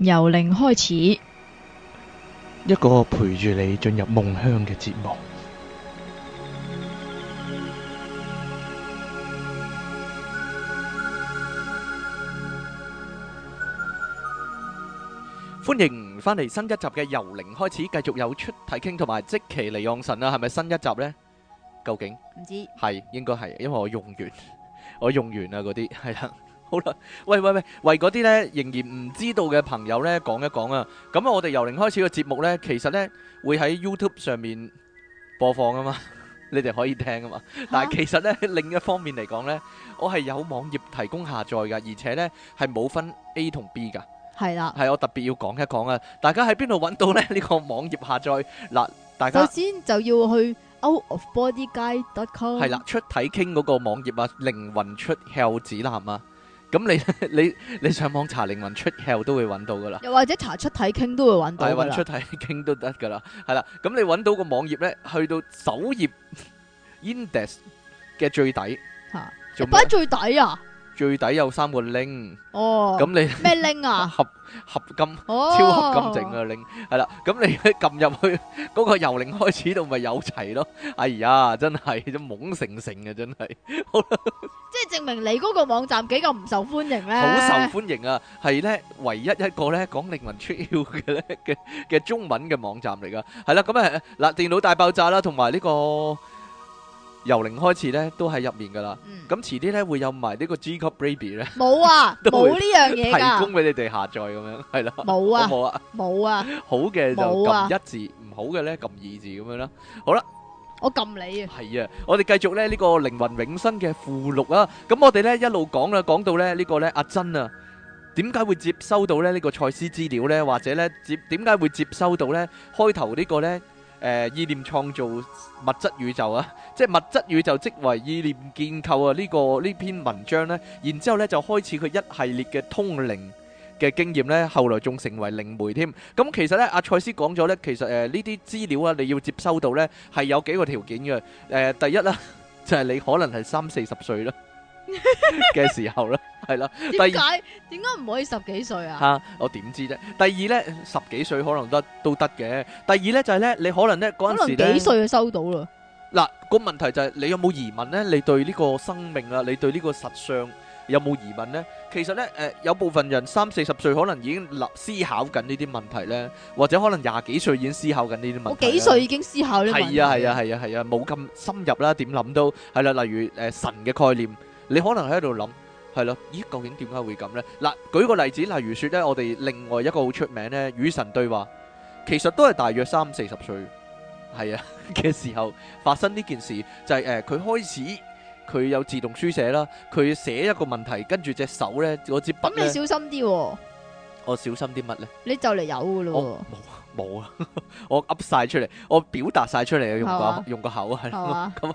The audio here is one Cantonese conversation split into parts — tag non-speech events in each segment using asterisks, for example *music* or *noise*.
由零開始，一個陪住你進入夢鄉嘅節目。歡迎返嚟新一集嘅由零開始，繼續有出體傾同埋即期利用神啦，係咪新一集呢？究竟唔知係應該係，因為我用完，我用完啦嗰啲係啦。好啦，喂喂喂，為嗰啲咧仍然唔知道嘅朋友咧講一講啊！咁啊，我哋由零開始嘅節目咧，其實咧會喺 YouTube 上面播放噶嘛，你哋可以聽噶嘛。但係其實咧另一方面嚟講咧，我係有網頁提供下載噶，而且咧係冇分 A 同 B 噶。係啦，係我特別要講一講啊！大家喺邊度搵到咧呢個網頁下載？嗱，大家首先就要去 outofbodyguide.com。係啦，出體傾嗰個網頁啊，靈魂出竅指南啊。咁你你你上網查靈魂出竅都會揾到噶啦，又或者查出體傾都會揾到，但係揾出體傾都得噶啦，係啦。咁你揾到個網頁咧，去到首頁 index 嘅最底嚇，擺最底啊，最底有三個 link，哦，咁你咩 link 啊？合合金超合金整嘅 link，係啦，咁你撳入去嗰個由零開始到咪有齊咯？哎呀，真係都懵成成嘅真係。即係證明你嗰個網站幾咁唔受歡迎咧？好受歡迎啊，係咧，唯一一個咧講靈魂出竅嘅嘅嘅中文嘅網站嚟噶，係啦，咁啊嗱，電腦大爆炸啦，同埋呢個由零開始咧都喺入面噶啦，咁遲啲咧會有埋呢個 G-Cop Baby 咧，冇啊，冇呢樣嘢，提供俾你哋下載咁樣，係啦，冇啊，冇啊，冇啊，好嘅就撳一字，唔好嘅咧撳二字咁樣啦，好啦。我撳你啊！係啊，我哋繼續咧呢個靈魂永生嘅附錄啊。咁我哋咧一路講啦，講到咧呢個咧阿珍啊，點解會接收到咧呢個賽斯資料咧？或者咧接點解會接收到咧開頭呢個咧誒意念創造物質宇宙啊？即係物質宇宙即為意念建構啊！呢個呢篇文章咧，然之後咧就開始佢一系列嘅通靈。.嘅經驗咧，後來仲成為靈媒添。咁其實咧，阿賽斯講咗咧，其實誒呢啲資料啊，你要接收到咧，係有幾個條件嘅。誒第一啦，就係你可能係三四十歲啦嘅時候啦，係啦。點解？點解唔可以十幾歲啊？嚇，我點知啫？第二咧，十幾歲可能都都得嘅。第二咧就係咧，你可能咧嗰陣時咧幾歲就收到啦。嗱，個問題就係你有冇疑問咧？你對呢個生命啊，你對呢個實相，有冇疑問呢？其實呢，誒有部分人三四十歲可能已經立思考緊呢啲問題呢，或者可能廿幾歲已經思考緊呢啲問題。我幾歲已經思考呢啲問題？係啊係啊係啊係啊，冇咁深入啦。點諗都係啦。例如誒神嘅概念，你可能喺度諗係咯？咦，究竟點解會咁呢？嗱，舉個例子，例如説呢，我哋另外一個好出名呢，與神對話，其實都係大約三四十歲係啊嘅時候發生呢件事，就係誒佢開始。佢有自動書寫啦，佢寫一個問題，跟住隻手咧，我接筆，咁你小心啲。我小心啲乜咧？你就嚟有噶咯。冇冇啊！我噏晒出嚟，我表達晒出嚟啊！用個用個口係啦。咁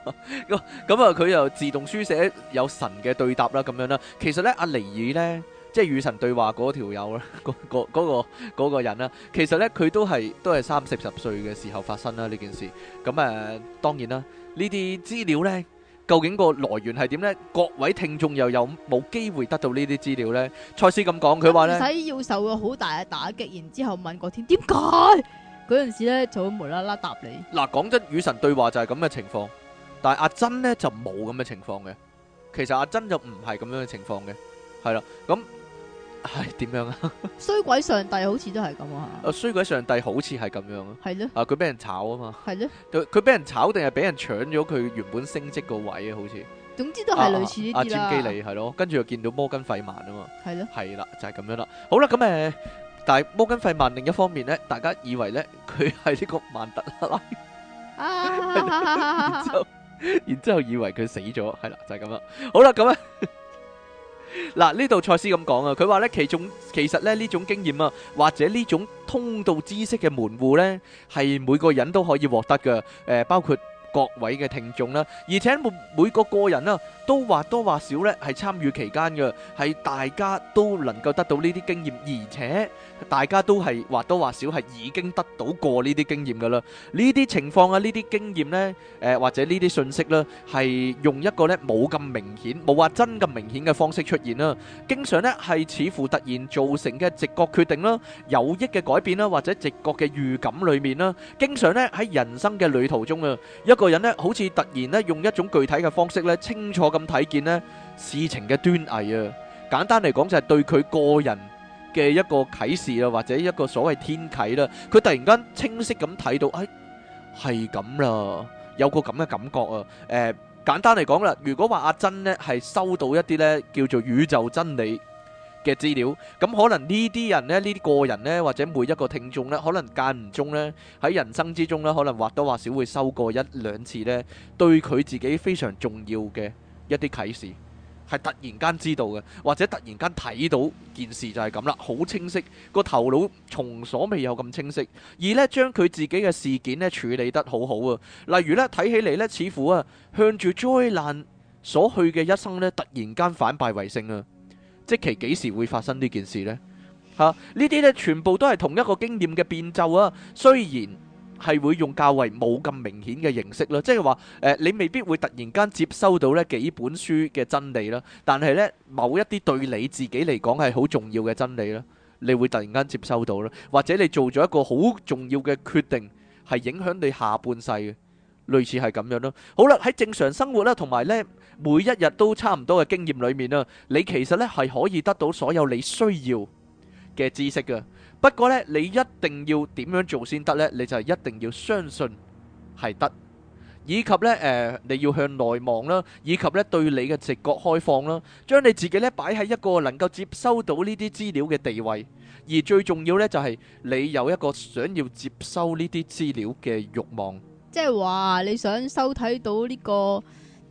咁啊，佢又自動書寫有神嘅對答啦，咁樣啦。其實咧，阿尼爾咧，即係與神對話嗰條友啦，嗰嗰個個人啦，其實咧，佢都係都係三四十歲嘅時候發生啦呢件事。咁誒，當然啦，呢啲資料咧，究竟個來源係點呢？各位聽眾又有冇機會得到呢啲資料呢？賽斯咁講，佢話呢，唔使要受個好大嘅打擊，然之後問嗰天點解？嗰陣時呢就會無啦啦答你。嗱，講真，與神對話就係咁嘅情況，但係阿珍呢，就冇咁嘅情況嘅。其實阿珍就唔係咁樣嘅情況嘅，係啦咁。.係點、哎、樣啊？衰鬼上帝好似都係咁啊！衰、啊、鬼上帝好似係咁樣啊！係咯啊佢俾人炒啊嘛！係咧咯，佢佢俾人炒定係俾人搶咗佢原本升職個位啊？好似總之都係類似啲啦。啊啊、占基利係咯，跟、啊、住、啊、又見到摩根費曼啊嘛，係咯，係啦就係、是、咁樣啦、啊。好啦咁誒，但係摩根費曼另一方面咧，大家以為咧佢係呢個曼德拉，然之然之後以為佢死咗，係 *laughs* 啦就係咁啦。好啦咁啊。啊 *laughs* *laughs* 嗱，呢度蔡司咁講啊，佢話咧，其中其實咧呢種經驗啊，或者呢種通道知識嘅門戶呢，係每個人都可以獲得㗎，誒、呃，包括。各位嘅聽眾啦，而且每每個個人啊，都或多或少咧係參與期間嘅，係大家都能夠得到呢啲經驗，而且大家都係或多或少係已經得到過呢啲經驗噶啦。呢啲情況啊，呢啲經驗咧，誒，或者呢啲信息啦，係用一個咧冇咁明顯，冇話真咁明顯嘅方式出現啦。經常咧係似乎突然造成嘅直覺決定啦，有益嘅改變啦，或者直覺嘅預感裏面啦，經常咧喺人生嘅旅途中啊，一個。個人咧，好似突然咧，用一種具體嘅方式咧，清楚咁睇見咧事情嘅端倪啊！簡單嚟講就係對佢個人嘅一個啟示啊，或者一個所謂天啟啦。佢突然間清晰咁睇到，係係咁啦，有個咁嘅感覺啊！誒，簡單嚟講啦，如果話阿珍咧係收到一啲咧叫做宇宙真理。嘅資料，咁可能呢啲人呢，呢啲個人呢，或者每一個聽眾呢，可能間唔中呢，喺人生之中呢，可能或多或少會收過一兩次呢，對佢自己非常重要嘅一啲啟示，係突然間知道嘅，或者突然間睇到件事就係咁啦，好清晰，個頭腦從所未有咁清晰，而呢，將佢自己嘅事件呢處理得好好啊，例如呢，睇起嚟呢，似乎啊向住災難所去嘅一生呢，突然間反敗為勝啊！即期幾時會發生呢件事呢？吓、啊、呢啲咧，全部都係同一個經驗嘅變奏啊！雖然係會用較為冇咁明顯嘅形式啦，即係話誒，你未必會突然間接收到呢幾本書嘅真理啦，但係呢，某一啲對你自己嚟講係好重要嘅真理咧，你會突然間接收到啦，或者你做咗一個好重要嘅決定，係影響你下半世嘅，類似係咁樣咯。好啦，喺正常生活啦，同埋呢。每一日都差唔多嘅經驗裏面啦,你其實咧係可以得到所有你需要嘅知識噶。不過呢，你一定要點樣做先得呢？你就係一定要相信係得，以及呢，誒、呃，你要向內望啦，以及呢，對你嘅直覺開放啦，將你自己呢擺喺一個能夠接收到呢啲資料嘅地位。而最重要呢，就係你有一個想要接收呢啲資料嘅欲望。即係話你想收睇到呢、這個。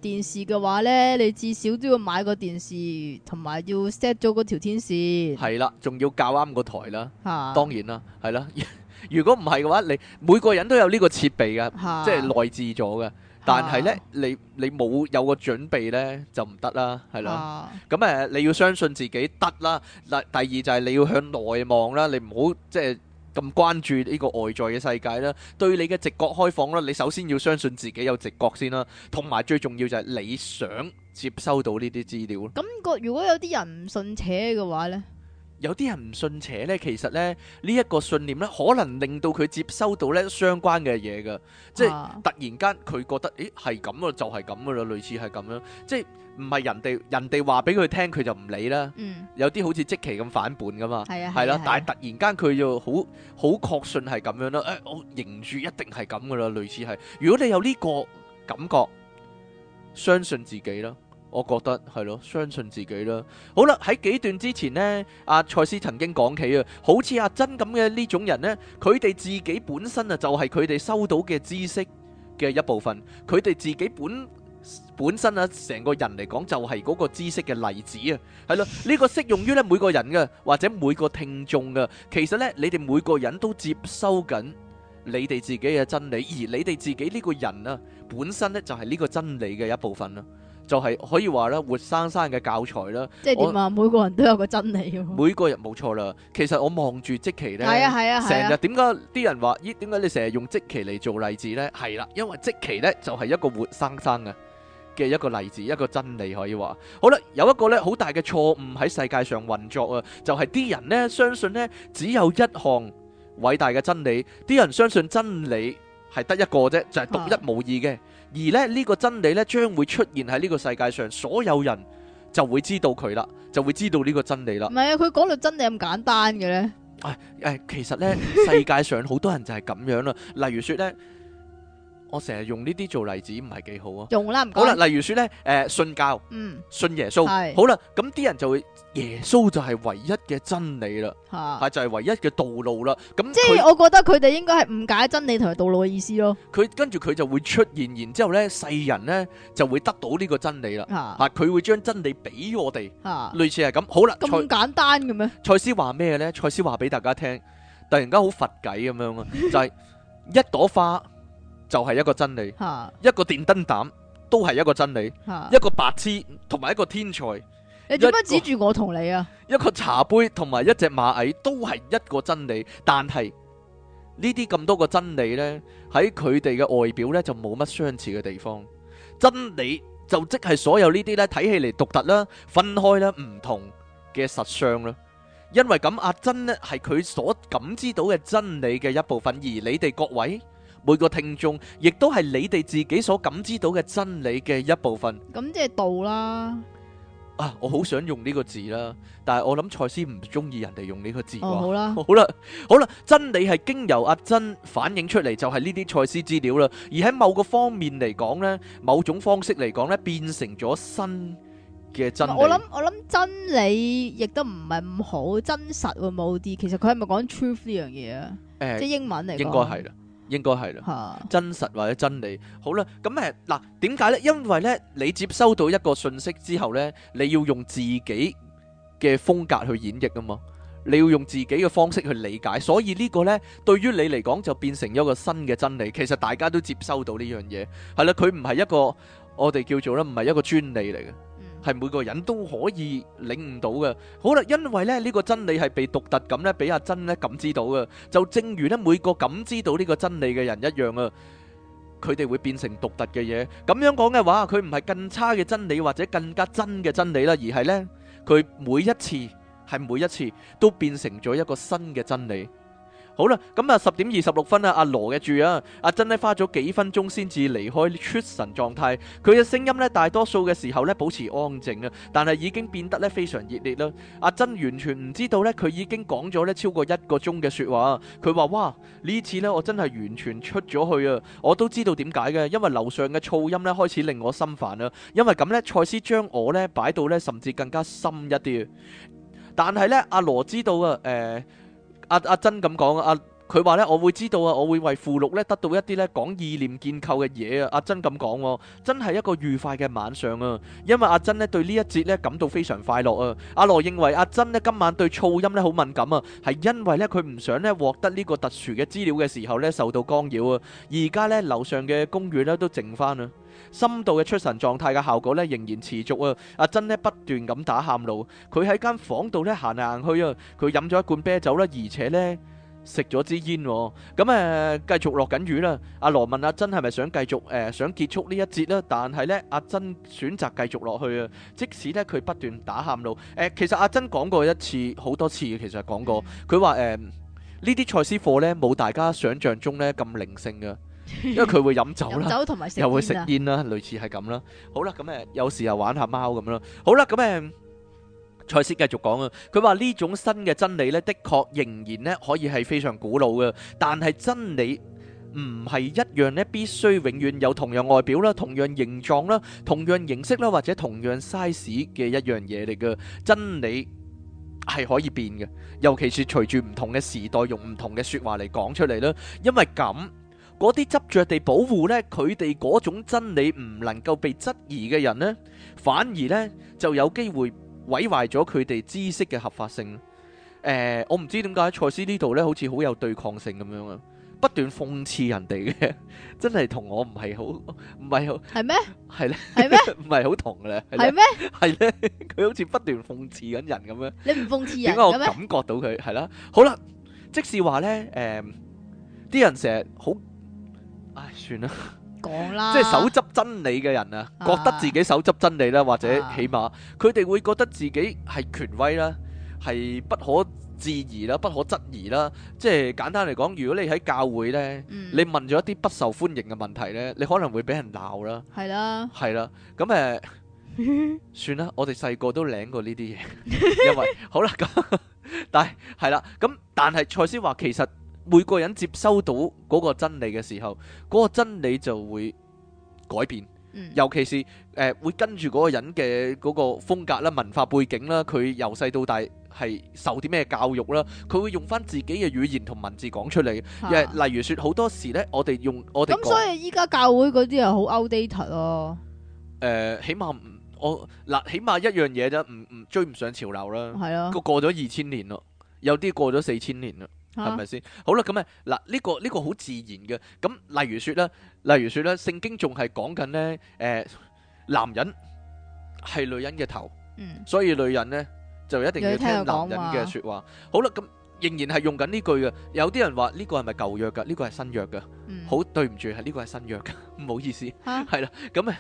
電視嘅話呢，你至少都要買個電視，同埋要 set 咗嗰條天線係啦，仲要校啱個台啦。吓哈，當然啦，係啦。如果唔係嘅話，你每個人都有呢個設備㗎，哈即係內置咗嘅。但係呢，哈你你冇有，有個準備呢，就唔得啦。係啦，咁誒哈，你要相信自己得啦。嗱，第二就係你要向內望啦，你唔好即係。咁關注呢個外在嘅世界啦，對你嘅直覺開放啦，你首先要相信自己有直覺先啦，同埋最重要就係你想接收到呢啲資料咯。感覺如果有啲人唔信邪嘅話呢？有啲人唔信邪咧，其實咧呢一個信念咧，可能令到佢接收到咧相關嘅嘢噶，即係突然間佢覺得，誒係咁咯，就係咁噶咯，類似係咁啦，即係唔係人哋人哋話俾佢聽，佢就唔理啦。嗯，有啲好似積奇咁反叛噶嘛，係啊，係啦。但係突然間佢就好好確信係咁樣咯，誒，我認住一定係咁噶啦，類似係。如果你有呢個感覺，相信自己啦。我覺得係咯，相信自己啦。好啦，喺幾段之前咧，阿賽斯曾經講起啊，好似阿珍咁嘅呢種人咧，佢哋自己本身啊，就係佢哋收到嘅知識嘅一部分。佢哋自己本本身啊，成個人嚟講就係嗰個知識嘅例子啊。係啦，呢個適用於咧每個人噶，或者每個聽眾噶。其實咧，你哋每個人都接收緊你哋自己嘅真理，而你哋自己呢個人啊，本身咧就係呢個真理嘅一部分啦。就係可以話咧，活生生嘅教材啦。即係點啊？我，每個人都有個真理啊？每個人冇錯啦。其實我望住積奇呢，係啊係啊，成日點解啲人話，「咦？點解你成日用積奇嚟做例子呢？」係啦，因為積奇呢就係一個活生生嘅嘅一個例子，一個真理可以話。好啦，有一個呢好大嘅錯誤喺世界上運作啊，就係啲人呢相信呢，只有一項偉大嘅真理，啲人相信真理。係得一個啫，就係、是、獨一無二嘅。啊、而咧呢、呢個真理咧，將會出現喺呢個世界上，所有人就會知道佢啦，就會知道呢個真理啦。唔係啊，佢講到真理咁簡單嘅咧？誒誒、哎哎，其實咧，世界上好多人就係咁樣啦。 *laughs* 例如說咧。我成日用呢啲做例子，唔係幾好啊！用啦，唔講，好啦，例如說咧，誒，信教，嗯，信耶穌，好啦，咁啲人就會耶穌就係唯一嘅真理啦，吓，就係唯一嘅道路啦。咁即係我覺得佢哋應該係誤解真理同埋道路嘅意思咯。佢跟住佢就會出現，然之後咧，世人咧就會得到呢個真理啦，吓，佢會將真理俾我哋，啊，類似係咁。好啦，咁簡單嘅咩？賽斯話咩咧？賽斯話俾大家聽，突然間好佛偈咁樣啊，就係一朵花。就係一個真理，哈一個電燈膽都係一個真理，哈一個白痴同埋一個天才，你做乜指住我同你啊？一個茶杯同埋一隻螞蟻都係一個真理，但係呢啲咁多個真理呢，喺佢哋嘅外表呢，就冇乜相似嘅地方。真理就即係所有呢啲呢，睇起嚟獨特啦、分開啦、唔同嘅實相啦。因為咁，阿珍呢，係佢所感知到嘅真理嘅一部分，而你哋各位。每個聽眾亦都係你哋自己所感知到嘅真理嘅一部分。咁即係道啦。啊，我好想用呢個字啦，但係我諗蔡司唔中意人哋用呢個字。哦，好啦，好啦，好啦，真理係經由阿珍反映出嚟，就係呢啲蔡司資料啦。而喺某個方面嚟講呢，某種方式嚟講呢，變成咗新嘅真理。我諗我諗真理亦都唔係唔好真實喎，某啲其實佢係咪講 truth 呢樣嘢啊？誒，即係英文嚟，應該係啦。應該係啦，真實或者真理。好啦，咁誒嗱，點解呢？因為呢，你接收到一個信息之後呢，你要用自己嘅風格去演繹啊嘛，你要用自己嘅方式去理解，所以呢個呢，對於你嚟講就變成一個新嘅真理。其實大家都接收到呢樣嘢，係啦，佢唔係一個我哋叫做咧，唔係一個專利嚟嘅。係每個人都可以領悟到嘅。好啦，因為咧呢個真理係被獨特咁咧，俾阿珍咧感知到嘅。就正如咧每個感知到呢個真理嘅人一樣啊，佢哋會變成獨特嘅嘢。咁樣講嘅話，佢唔係更差嘅真理或者更加真嘅真理啦，而係呢佢每一次係每一次都變成咗一個新嘅真理。好啦，咁啊，十點二十六分啊羅，阿羅嘅住啊，阿珍呢花咗幾分鐘先至離開出神狀態。佢嘅聲音呢，大多數嘅時候呢保持安靜啊，但係已經變得呢非常熱烈啦。阿、啊、珍完全唔知道呢，佢已經講咗呢超過一個鐘嘅說話。佢話：哇，呢次呢我真係完全出咗去啊！我都知道點解嘅，因為樓上嘅噪音呢開始令我心煩啦。因為咁呢，賽斯將我呢擺到呢，甚至更加深一啲。但係呢，阿、啊、羅知道啊，誒、呃。阿阿珍咁講啊，阿佢話咧，我會知道啊，我會為附錄咧得到一啲咧講意念建構嘅嘢啊。阿珍咁講喎，真係一個愉快嘅晚上啊，因為阿珍咧對呢一節咧感到非常快樂啊。阿羅認為阿珍咧今晚對噪音咧好敏感啊，係因為咧佢唔想咧獲得呢個特殊嘅資料嘅時候咧受到干擾啊。而家咧樓上嘅公寓咧都靜返啊。深度嘅出神狀態嘅效果咧，仍然持續啊！阿珍咧不斷咁打喊路，佢喺間房度咧行嚟行去啊！佢飲咗一罐啤酒啦，而且咧食咗支煙。咁誒繼續落緊雨啦！阿羅問阿珍係咪想繼續誒想結束呢一節咧？但係咧阿珍選擇繼續落去啊！即使咧佢不斷打喊路，誒其實阿珍講過一次好多次嘅，其實講過，佢話誒呢啲賽斯課咧冇大家想象中咧咁靈性嘅。 *laughs* 因為佢會飲酒啦，酒煙又會食煙啦，類似係咁啦。好啦，咁誒，有時候玩下貓咁咯。好啦，咁誒，賽斯繼續講啊。佢話呢種新嘅真理呢，的確仍然呢可以係非常古老嘅。但係真理唔係一樣呢，必須永遠有同樣外表啦、同樣形狀啦、同樣形式啦或者同樣 size 嘅一樣嘢嚟嘅。真理係可以變嘅，尤其是隨住唔同嘅時代，用唔同嘅說話嚟講出嚟啦。因為咁。嗰啲執着地保護咧，佢哋嗰種真理唔能夠被質疑嘅人咧，反而咧就有機會毀壞咗佢哋知識嘅合法性。誒，我唔知點解賽斯呢度咧，好似好有對抗性咁樣啊，不斷諷刺人哋嘅，真係同我唔係好，唔係好係咩？係咧，係咩？唔係好同嘅咧，係咩？係咧，佢好似不斷諷刺緊人咁樣。你唔諷刺人？點解我感覺到佢係啦？好啦，即使話咧，誒，啲人成日好。唉，算啦，講啦，即係手執真理嘅人啊，覺得自己手執真理啦，或者起碼佢哋會覺得自己係權威啦，係不可置疑啦，不可質疑啦。即係簡單嚟講，如果你喺教會呢，你問咗一啲不受歡迎嘅問題呢，你可能會俾人鬧啦，係啦，係啦。咁誒，算啦，我哋細個都領過呢啲嘢，因為好啦咁，但係係啦，咁但係賽斯話其實。每個人接收到嗰個真理嘅時候，嗰、那個真理就會改變。嗯、尤其是誒、呃，會跟住嗰個人嘅嗰個風格啦、文化背景啦，佢由細到大係受啲咩教育啦，佢會用翻自己嘅語言同文字講出嚟。啊、例如說，好多時呢，我哋用我哋咁、嗯，所以依家教會嗰啲係好 outdated 咯、啊。誒、呃，起碼唔我嗱，起碼一樣嘢啫，唔唔追唔上潮流啦。係啊，過咗二千年咯，有啲過咗四千年啦。係咪先？好啦，咁啊嗱，呢、這個呢個好自然嘅。咁例如說咧，例如說咧，聖經仲係講緊咧，誒、呃，男人係女人嘅頭，嗯、所以女人咧就一定要聽男人嘅說話。說好啦，咁仍然係用緊呢句嘅。有啲人話呢、這個係咪舊約噶？呢、這個係新約噶？嗯、好對唔住，係、這、呢個係新約噶，唔好意思，係啦、嗯，咁啊。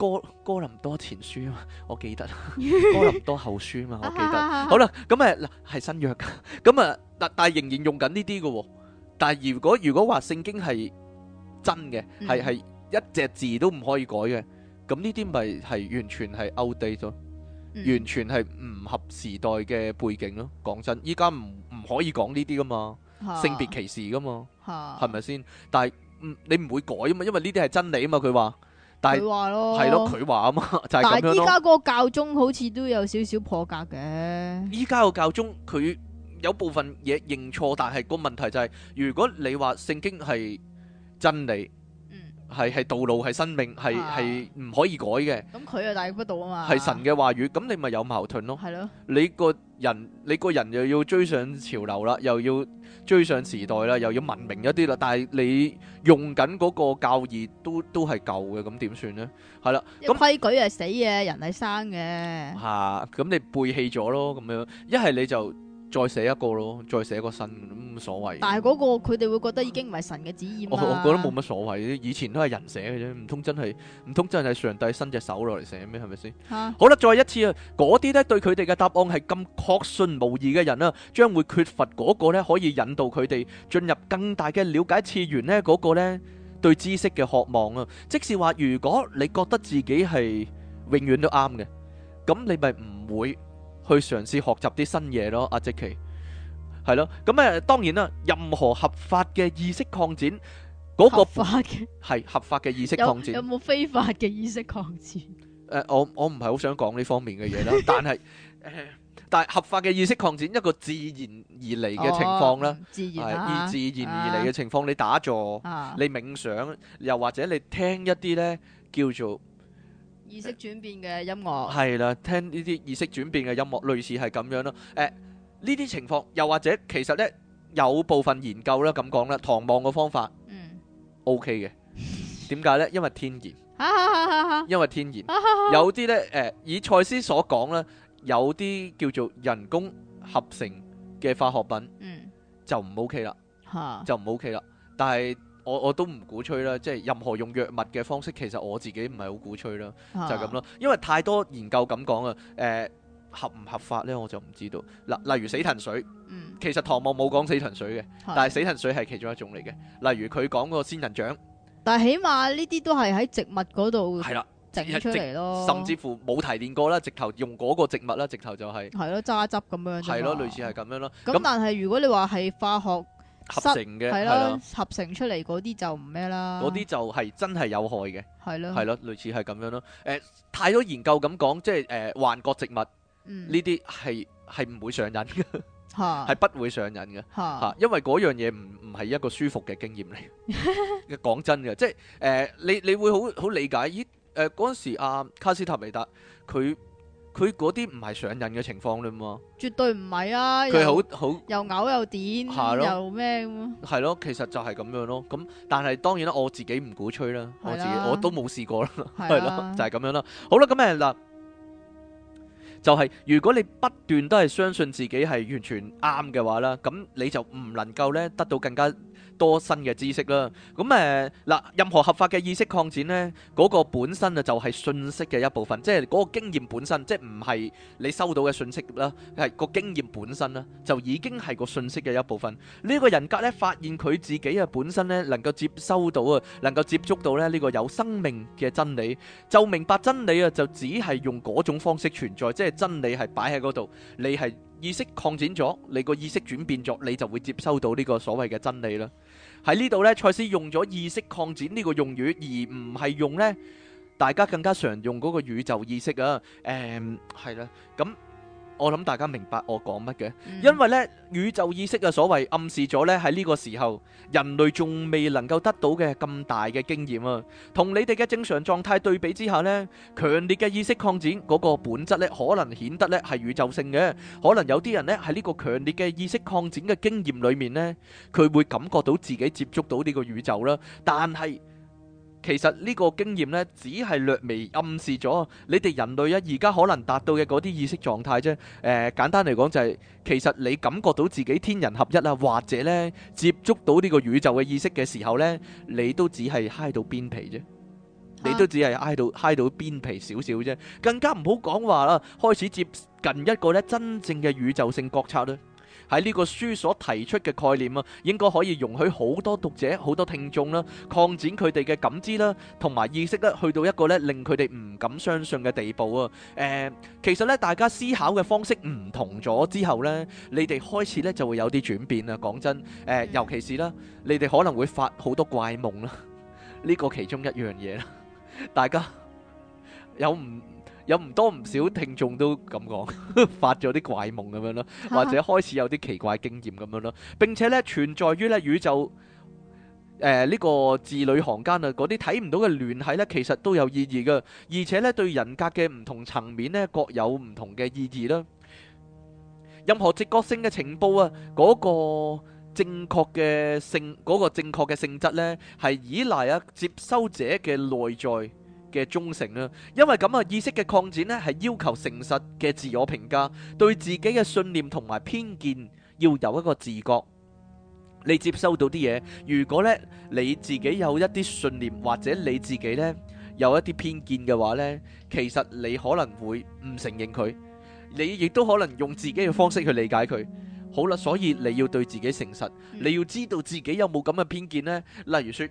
哥哥林多前書啊嘛，我記得哥林多後書啊嘛，我記得。好啦，咁誒嗱，係新約噶，咁啊但但係仍然用緊呢啲噶，但係如果如果話聖經係真嘅，係係一隻字都唔可以改嘅，咁呢啲咪係完全係 outdate 咗，完全係唔合時代嘅背景咯。講真，依家唔唔可以講呢啲噶嘛，性別歧視噶嘛，係咪先？但係唔你唔會改啊嘛，因為呢啲係真理啊嘛，佢話。佢話但咯，係咯，佢話啊嘛，就係咁樣咯。但係依家個教宗好似都有少少破格嘅。依家個教宗佢有部分嘢認錯，但係個問題就係，如果你話聖經係真理。係係道路係生命，係係唔可以改嘅。咁佢啊大不道啊嘛。係神嘅話語，咁你咪有矛盾咯。係咯。你個人你個人又要追上潮流啦，又要追上時代啦，又要文明一啲啦。但係你用緊嗰個教義都都係舊嘅，咁點算咧？係啦。咁規矩係死嘅，人係生嘅。吓，咁你背棄咗咯，咁樣一係你就。再寫一個咯，再寫個新咁冇所謂。但係嗰個佢哋會覺得已經唔係神嘅旨意啦。我我覺得冇乜所謂，以前都係人寫嘅啫，唔通真係唔通真係上帝伸隻手落嚟寫咩？係咪先？好啦，再一次啊，嗰啲咧對佢哋嘅答案係咁確信無疑嘅人啊，將會缺乏嗰個咧可以引導佢哋進入更大嘅了解次元咧嗰個咧對知識嘅渴望啊。即是話，如果你覺得自己係永遠都啱嘅，咁你咪唔會。去嘗試學習啲新嘢咯，阿、啊、積奇，係咯，咁、嗯、誒，當然啦，任何合法嘅意識擴展嗰、那個係合法嘅意識擴展，有冇非法嘅意識擴展？誒、呃，我我唔係好想講呢方面嘅嘢啦，但係誒，但係合法嘅意識擴展一個自然而嚟嘅情況啦、哦啊，自然而自然而嚟嘅情況，你打坐，啊、你冥想，又或者你聽一啲咧叫做。意識轉變嘅音樂係啦，聽呢啲意識轉變嘅音樂，類似係咁樣咯。誒，呢啲情況又或者其實咧有部分研究咧咁講啦，唐望嘅方法，嗯，O K 嘅。點解咧？因為天然，因為天然。有啲咧誒，以賽斯所講咧，有啲叫做人工合成嘅化學品，嗯，就唔 O K 啦，嚇，就唔 O K 啦。但係。我我都唔鼓吹啦，即係任何用藥物嘅方式，其實我自己唔係好鼓吹啦，啊、就係咁咯。因為太多研究咁講啊，誒、呃、合唔合法咧，我就唔知道。例例如死藤水，嗯、其實唐望冇講死藤水嘅，嗯、但係死藤水係其中一種嚟嘅。嗯、例如佢講過仙人掌，但係起碼呢啲都係喺植物嗰度係啦，整出嚟咯，甚至乎冇提煉過啦，直頭用嗰個植物啦，直頭就係係咯揸汁執咁樣，係咯類似係咁樣咯。咁但係如果你話係化學合成嘅係咯，啊啊、合成出嚟嗰啲就唔咩啦。嗰啲就係真係有害嘅，係咯、啊，係咯、啊，類似係咁樣咯。誒、呃，太多研究咁講，即係誒、呃，幻覺植物呢啲係係唔會上癮嘅，係、嗯，不會上癮嘅，吓 *laughs* *laughs* 因為嗰樣嘢唔唔係一個舒服嘅經驗嚟嘅。講 *laughs* 真嘅，即係誒、呃，你你會好好理解？咦，誒、呃、嗰時阿、啊、卡斯塔維達佢。佢嗰啲唔係上癮嘅情況啦嘛，絕對唔係啊！佢好好又嘔很又點，的又咩咁？係咯，其實就係咁樣咯。咁但係當然啦，我自己唔鼓吹啦，的我自己我都冇試過啦，係的、就是、咯，咯，就係咁樣啦。好啦，咁誒嗱，就係如果你不斷都係相信自己係完全啱嘅話啦，咁你就唔能夠咧得到更加多新嘅知識啦，咁誒嗱，任何合法嘅意識擴展呢，嗰個本身啊就係信息嘅一部分，即係嗰個經驗本身，即係唔係你收到嘅信息啦，係個經驗本身啦，就已經係個信息嘅一部分。呢個人格呢，發現佢自己啊本身呢，能夠接收到啊，能夠接觸到咧呢個有生命嘅真理，就明白真理啊，就只係用嗰種方式存在，即係真理係擺喺嗰度，你係意識擴展咗，你個意識轉變咗，你就會接收到呢個所謂嘅真理啦。喺呢度咧，賽斯用咗意識擴展呢個用語，而唔係用咧大家更加常用嗰個宇宙意識啊，誒、嗯，係啦，咁。我諗大家明白我講乜嘅，因為呢，宇宙意識嘅所謂暗示咗呢，喺呢個時候人類仲未能夠得到嘅咁大嘅經驗啊，同你哋嘅正常狀態對比之下呢，強烈嘅意識擴展嗰個本質呢，可能顯得呢係宇宙性嘅，可能有啲人呢喺呢個強烈嘅意識擴展嘅經驗裏面呢，佢會感覺到自己接觸到呢個宇宙啦，但係。其實呢個經驗呢，只係略微暗示咗你哋人類一而家可能達到嘅嗰啲意識狀態啫。誒、呃，簡單嚟講就係、是，其實你感覺到自己天人合一啦、啊，或者呢接觸到呢個宇宙嘅意識嘅時候呢，你都只係嗨到邊皮啫。啊、你都只係嗨到揩到邊皮少少啫，更加唔好講話啦，開始接近一個咧真正嘅宇宙性覺察啦。喺呢個書所提出嘅概念啊，應該可以容許好多讀者、好多聽眾啦，擴展佢哋嘅感知啦，同埋意識咧，去到一個咧令佢哋唔敢相信嘅地步啊！誒，其實咧大家思考嘅方式唔同咗之後咧，你哋開始咧就會有啲轉變啊！講真，誒尤其是啦，你哋可能會發好多怪夢啦，呢個其中一樣嘢啦，大家有唔？有唔多唔少聽眾都咁講， *laughs* 發咗啲怪夢咁樣咯， *laughs* 或者開始有啲奇怪經驗咁樣咯。並且咧存在於咧宇宙，誒、呃、呢、這個字裏行間啊，嗰啲睇唔到嘅聯繫咧，其實都有意義嘅，而且咧對人格嘅唔同層面咧各有唔同嘅意義啦。任何直覺性嘅情報啊，嗰、那個正確嘅性嗰、那個正確嘅性質咧，係依賴啊接收者嘅內在。嘅忠誠啦，因為咁嘅意識嘅擴展呢，係要求誠實嘅自我評價，對自己嘅信念同埋偏見要有一個自覺。你接收到啲嘢，如果呢你自己有一啲信念，或者你自己呢有一啲偏見嘅話呢，其實你可能會唔承認佢，你亦都可能用自己嘅方式去理解佢。好啦，所以你要對自己誠實，你要知道自己有冇咁嘅偏見呢？例如說，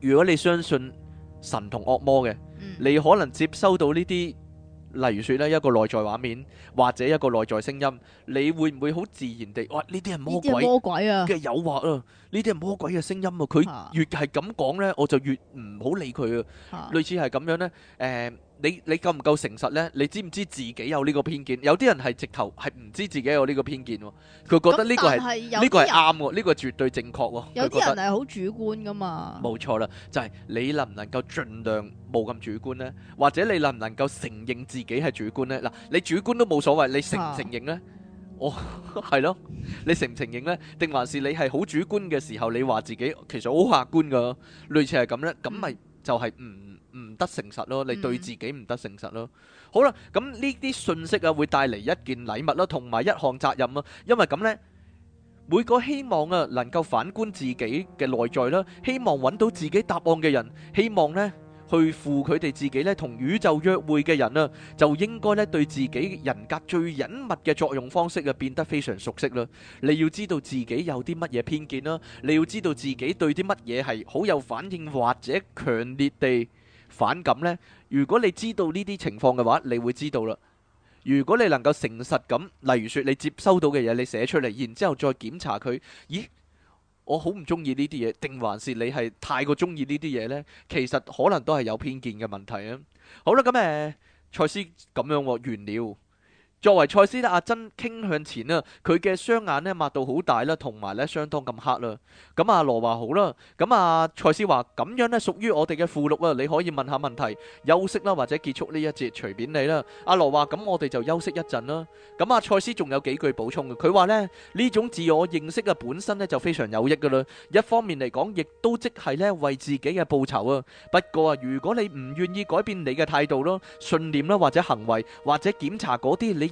如果你相信。神同惡魔嘅，你可能接收到呢啲，例如説咧一個內在畫面或者一個內在聲音，你會唔會好自然地話呢啲係魔鬼魔鬼啊，嘅誘惑啊，呢啲係魔鬼嘅聲音啊，佢越係咁講呢，我就越唔好理佢啊。類似係咁樣呢。誒、呃。你你夠唔夠誠實咧？你知唔知自己有呢個偏見？有啲人係直頭係唔知自己有呢個偏見，佢覺得呢個係呢個係啱，呢個絕對正確。有啲人係好主觀噶嘛？冇錯啦，就係你能唔能夠盡量冇咁主觀咧？或者你能唔能夠承認自己係主觀咧？嗱，你主觀都冇所謂，你承唔承認咧？我係咯，你承唔承認咧？定還是你係好主觀嘅時候，你話自己其實好客觀噶？類似係咁咧，咁咪就係唔。唔得誠實咯，你對自己唔得誠實咯。好啦，咁呢啲信息啊，會帶嚟一件禮物啦，同埋一項責任啦。因為咁咧，每個希望啊能夠反觀自己嘅內在啦，希望揾到自己答案嘅人，希望咧去負佢哋自己咧同宇宙約會嘅人啊，就應該咧對自己人格最隱密嘅作用方式啊變得非常熟悉啦。你要知道自己有啲乜嘢偏見啦，你要知道自己對啲乜嘢係好有反應或者強烈地反感呢？如果你知道呢啲情況嘅話，你會知道啦。如果你能夠誠實咁，例如說你接收到嘅嘢，你寫出嚟，然之後再檢查佢，咦，我好唔中意呢啲嘢，定還是你係太過中意呢啲嘢呢？」其實可能都係有偏見嘅問題、呃、啊。好啦，咁誒，賽斯咁樣完了。作為賽斯咧，阿珍傾向前啦，佢嘅雙眼咧擘到好大啦，同埋咧相當咁黑啦。咁阿羅話好啦，咁阿賽斯話咁樣咧屬於我哋嘅附錄啊，你可以問下問題，休息啦或者結束呢一節隨便你啦。阿羅話咁我哋就休息一陣啦。咁阿賽斯仲有幾句補充嘅，佢話咧呢種自我認識嘅本身咧就非常有益噶啦。一方面嚟講，亦都即係咧為自己嘅報酬啊。不過啊，如果你唔願意改變你嘅態度咯、信念啦或者行為或者檢查嗰啲你。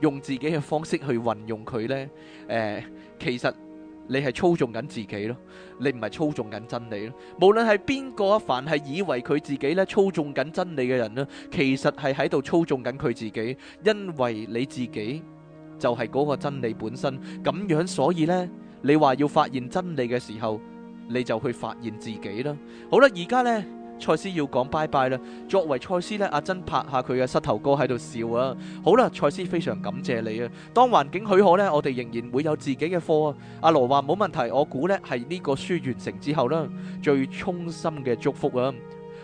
用自己嘅方式去運用佢呢，誒，其實你係操縱緊自己咯，你唔係操縱緊真理咯。無論係邊個，凡係以為佢自己咧操縱緊真理嘅人呢，其實係喺度操縱緊佢自己，因為你自己就係嗰個真理本身。咁樣，所以呢，你話要發現真理嘅時候，你就去發現自己啦。好啦，而家呢。賽斯要講拜拜啦，作為賽斯咧，阿珍拍下佢嘅膝頭哥喺度笑啊。好啦，賽斯非常感謝你啊。當環境許可呢，我哋仍然會有自己嘅課啊。阿羅話冇問題，我估呢係呢個書完成之後啦，最衷心嘅祝福啊。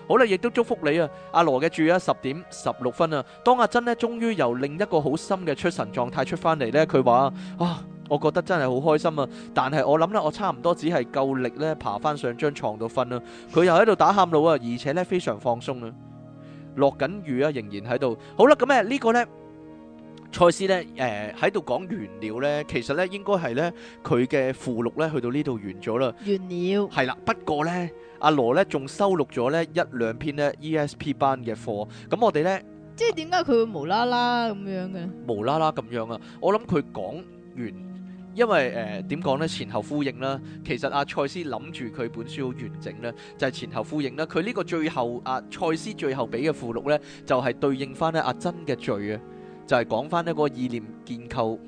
好啦，亦都祝福你啊，阿羅嘅註啊，十點十六分啊。當阿珍呢，終於由另一個好深嘅出神狀態出翻嚟呢，佢話啊。我覺得真係好開心啊！但係我諗咧，我差唔多只係夠力咧，爬翻上張床度瞓啦。佢又喺度打喊路啊，而且咧非常放鬆啊。落緊雨啊，仍然喺度。好啦，咁咧呢個咧，賽斯咧，誒喺度講完料咧，其實咧應該係咧佢嘅附錄咧去到呢度完咗啦。完料係啦，不過咧阿羅咧仲收錄咗咧一兩篇咧 ESP 班嘅課。咁我哋咧，即係點解佢會無啦啦咁樣嘅？無啦啦咁樣啊！我諗佢講完。因為誒，點講呢？前後呼應啦。其實阿、啊、賽斯諗住佢本書好完整咧，就係、是、前後呼應啦。佢呢個最後阿賽、啊、斯最後俾嘅附錄呢，就係、是、對應翻咧阿珍嘅罪啊，就係講翻一個意念建構。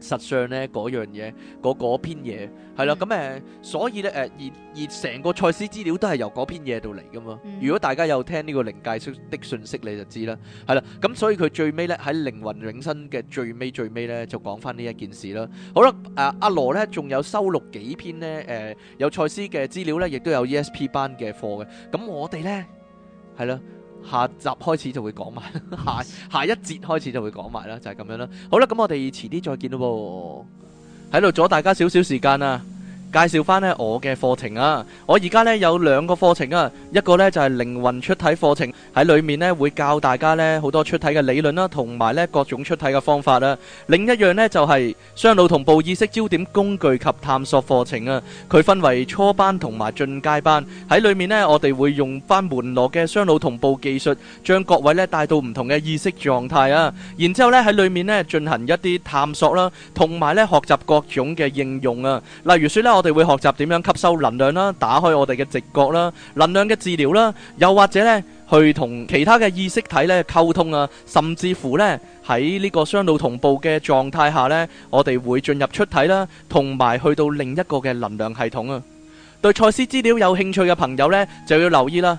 實上咧嗰樣嘢，嗰篇嘢，係啦，咁誒、mm hmm. 呃，所以咧誒、呃、而而成個賽斯資料都係由嗰篇嘢度嚟噶嘛。Mm hmm. 如果大家有聽呢個靈界的的信息，你就知啦。係啦，咁所以佢最尾咧喺靈魂永生嘅最尾最尾咧就講翻呢一件事啦。好啦，阿阿羅咧仲有收錄幾篇咧誒、呃、有賽斯嘅資料咧，亦都有 E S P 班嘅課嘅。咁我哋咧係啦。下集開始就會講埋，下下一節開始就會講埋、就是、啦，就係咁樣啦。好啦，咁我哋遲啲再見咯，喺度阻大家少少時間啊。介紹翻呢我嘅課程啊！我而家呢有兩個課程啊，一個呢就係靈魂出體課程，喺裏面呢會教大家呢好多出體嘅理論啦，同埋呢各種出體嘅方法啦。另一樣呢就係雙腦同步意識焦點工具及探索課程啊，佢分為初班同埋進階班，喺裏面呢我哋會用翻門羅嘅雙腦同步技術，將各位呢帶到唔同嘅意識狀態啊。然之後呢喺裏面呢進行一啲探索啦，同埋呢學習各種嘅應用啊，例如説啦。我哋會學習點樣吸收能量啦，打開我哋嘅直覺啦，能量嘅治療啦，又或者呢去同其他嘅意識體呢溝通啊，甚至乎呢喺呢個雙腦同步嘅狀態下呢，我哋會進入出體啦，同埋去到另一個嘅能量系統啊。對賽斯資料有興趣嘅朋友呢，就要留意啦。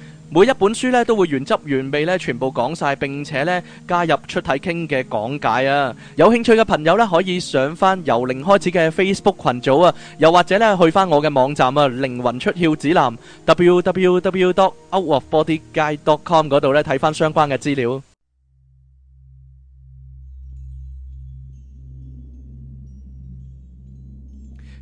每一本書咧都會原汁原味咧全部講晒，並且咧加入出體傾嘅講解啊！有興趣嘅朋友咧可以上翻由零開始嘅 Facebook 群組啊，又或者咧去翻我嘅網站啊靈魂出竅指南 www.outofbodyguide.com 嗰度咧睇翻相關嘅資料。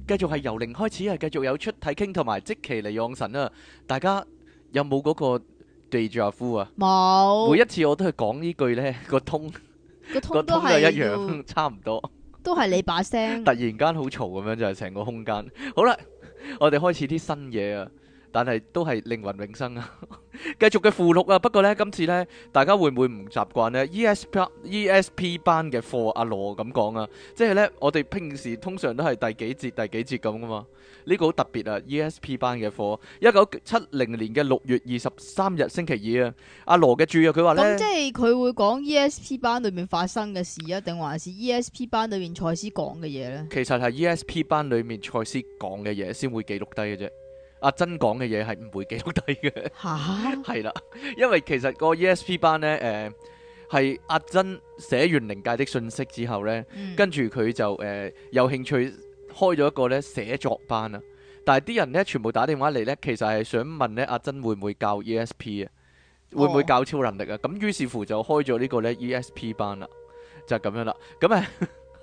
繼續係由零開始啊！繼續有出體傾同埋即其嚟養神啊！大家。有冇嗰個 deja vu 啊？冇有，每一次我都係講呢句呢，個 tone 個 tone 都係一樣，叫差唔不多都係你把聲。突然間好嘈咁樣，就係、是、成個空間。 *laughs* 好啦，我哋開始啲新嘢啊！但係都係靈魂永生啊！ *laughs* 繼續嘅附錄啊！不過呢，今次呢，大家會唔會唔習慣呢？E S P E S P 班嘅課、啊，阿羅咁講啊，即係呢，我哋平時通常都係第幾節、第幾節咁啊嘛。呢個好特別啊！E S P 班嘅課，一九七零年嘅六月二十三日星期二啊，啊，啊、嗯，阿羅嘅注意，佢話呢，咁即係佢會講 E S P 班裏面發生嘅事啊，定還是 E S P 班裏面賽斯講嘅嘢呢？其實係 E S P 班裏面賽斯講嘅嘢先會記錄低嘅啫。阿珍講嘅嘢係唔會記住低嘅，係啦，因為其實個 ESP 班呢，誒、呃、係阿珍寫完靈界的訊息之後呢，嗯、跟住佢就誒、呃、有興趣開咗一個咧寫作班啊，但係啲人呢，全部打電話嚟呢，其實係想問呢，阿珍會唔會教 ESP 啊，哦、會唔會教超能力啊？咁於是乎就開咗呢個咧 ESP 班啦，就係、是、咁樣啦，咁、嗯、啊，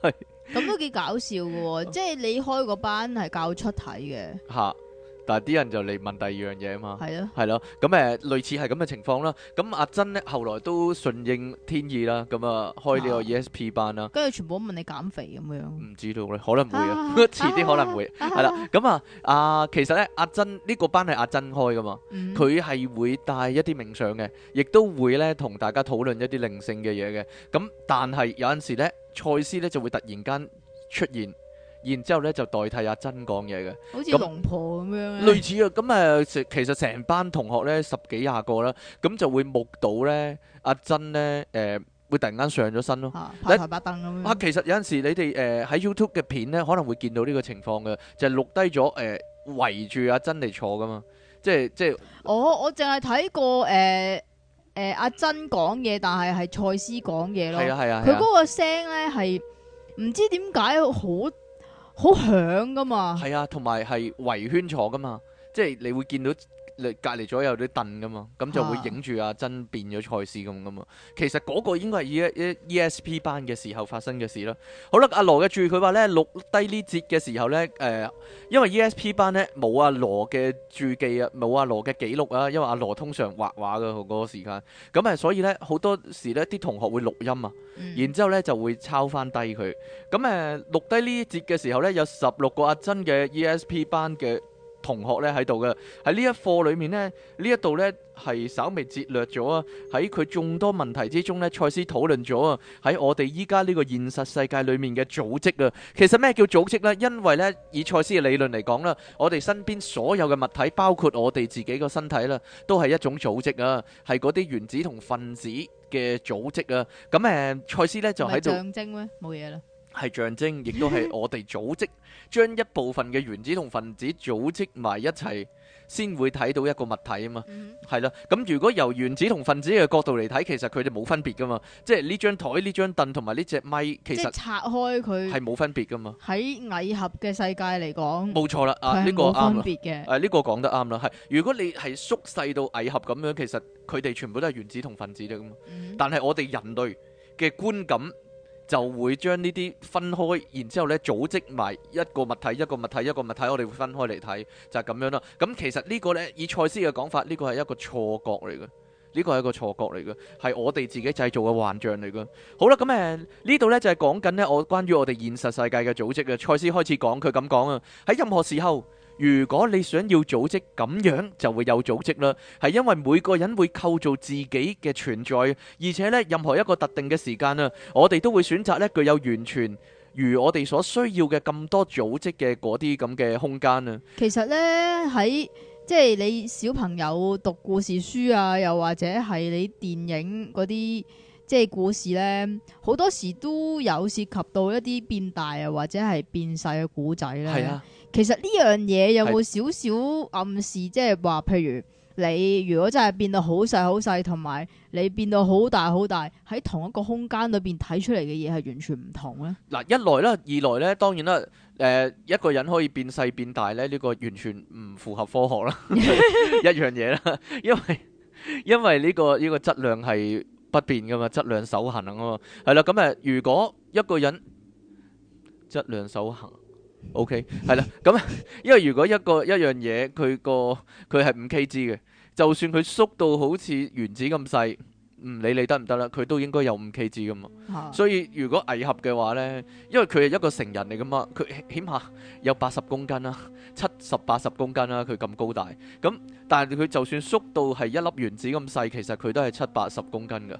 係，咁都幾搞笑嘅、哦， *laughs* 即係你開個班係教出體嘅，吓。 *laughs* 但係啲人就嚟問第二樣嘢啊嘛，係咯是的，係咯，咁、呃、誒類似係咁嘅情況啦。咁阿珍咧後來都順應天意啦，咁啊開呢個 ESP 班啦。跟住、啊、全部都問你減肥咁樣，唔知道咧，可能會啊， *laughs* 遲啲可能會係啦。咁啊，阿、啊呃、其實咧阿珍呢、呢個班係阿珍開噶嘛，佢係、嗯、會帶一啲冥想嘅，亦都會咧同大家討論一啲靈性嘅嘢嘅。咁但係有陣時咧，賽斯咧就會突然間出現。然之後咧就代替阿珍講嘢嘅，好似龍婆咁樣咧。類似啊，咁誒，其實成班同學咧十幾廿個啦，咁就會目睹咧阿珍咧誒，會突然間上咗身咯，拍台拍凳咁樣。啊，其實有陣時你哋誒喺 YouTube 嘅片咧，可能會見到呢個情況嘅，就係錄低咗誒圍住阿珍嚟坐噶嘛，即係即係。我我淨係睇過誒誒阿珍講嘢，但係係賽斯講嘢咯，係啊係啊，佢嗰個聲咧係唔知點解好。好響㗎嘛，係啊，同埋係圍圈坐㗎嘛，即係你會見到。隔籬左右啲凳噶嘛，咁就會影住阿珍變咗賽事咁噶嘛。其實嗰個應該係 ESP 班嘅時候發生嘅事啦。好啦，阿羅嘅注意，佢話咧錄低呢節嘅時候咧，誒、呃，因為 ESP 班咧冇阿羅嘅注記啊，冇阿羅嘅記錄啊，因為阿羅通常畫畫噶嗰個時間，咁誒，所以咧好多時咧啲同學會錄音啊， *laughs* 然之後咧就會抄翻低佢。咁誒錄低呢一節嘅時候咧，有十六個阿珍嘅 ESP 班嘅。同學咧喺度嘅，喺呢一課裏面呢，呢一度呢，係稍微節略咗啊。喺佢眾多問題之中呢，賽斯討論咗啊，喺我哋依家呢個現實世界裏面嘅組織啊。其實咩叫組織呢？因為呢，以賽斯嘅理論嚟講呢，我哋身邊所有嘅物體，包括我哋自己個身體啦，都係一種組織啊，係嗰啲原子同分子嘅組織啊。咁誒賽斯呢就喺度。係咪象徵咩？冇嘢啦。係象徵，亦都係我哋組織將一部分嘅原子同分子組織埋一齊，先會睇到一個物體啊嘛。係啦，嗯，咁如果由原子同分子嘅角度嚟睇，其實佢哋冇分別噶嘛。即係呢張台，呢張凳同埋呢隻咪，其實拆開佢係冇分別噶嘛。喺蟻俠嘅世界嚟講，冇錯啦。啊，呢，這個啱。嘅，這個。誒，呢個講得啱啦。係，如果你係縮細到蟻俠咁樣，其實佢哋全部都係原子同分子啫嘛。嗯，但係我哋人類嘅觀感。就會將呢啲分開，然之後呢組織埋一個物體，一個物體，一個物體，我哋會分開嚟睇，就係咁樣啦。咁其實呢個呢，以賽斯嘅講法，呢個係一個錯覺嚟嘅，呢個係一個錯覺嚟嘅，係我哋自己製造嘅幻象嚟嘅。好啦，咁誒呢度呢，就係講緊呢，我關於我哋現實世界嘅組織嘅，賽斯開始講佢咁講啊，喺任何時候。如果你想要組織咁樣，就會有組織啦。係因為每個人會構造自己嘅存在，而且咧，任何一個特定嘅時間啦，我哋都會選擇咧，具有完全如我哋所需要嘅咁多組織嘅嗰啲咁嘅空間啦。其實呢，喺即係你小朋友讀故事書啊，又或者係你電影嗰啲即係故事呢，好多時都有涉及到一啲變大啊，或者係變細嘅古仔咧。係啊。其實呢樣嘢有冇少少暗示，即係話，譬如你如果真係變到好細好細，同埋你變到好大好大，喺同一個空間裏邊睇出嚟嘅嘢係完全唔同咧。嗱，一來啦，二來呢，當然啦，誒、呃，一個人可以變細變大呢，呢個完全唔符合科學啦， *laughs* *laughs* 一樣嘢啦，因為因為呢個呢個質量係不變噶嘛，質量守恒啊嘛，係啦，咁誒，如果一個人質量守恒。O.K. 係、嗯、啦，咁因為如果一個一樣嘢佢個佢係五 Kg 嘅，就算佢縮到好似原子咁細，唔理你得唔得啦，佢都應該有五 Kg 噶嘛。啊、所以如果危合嘅話呢，因為佢係一個成人嚟噶嘛，佢起碼有八十公斤啦、啊，七十八十公斤啦、啊，佢咁高大。咁、嗯、但係佢就算縮到係一粒原子咁細，其實佢都係七八十公斤噶。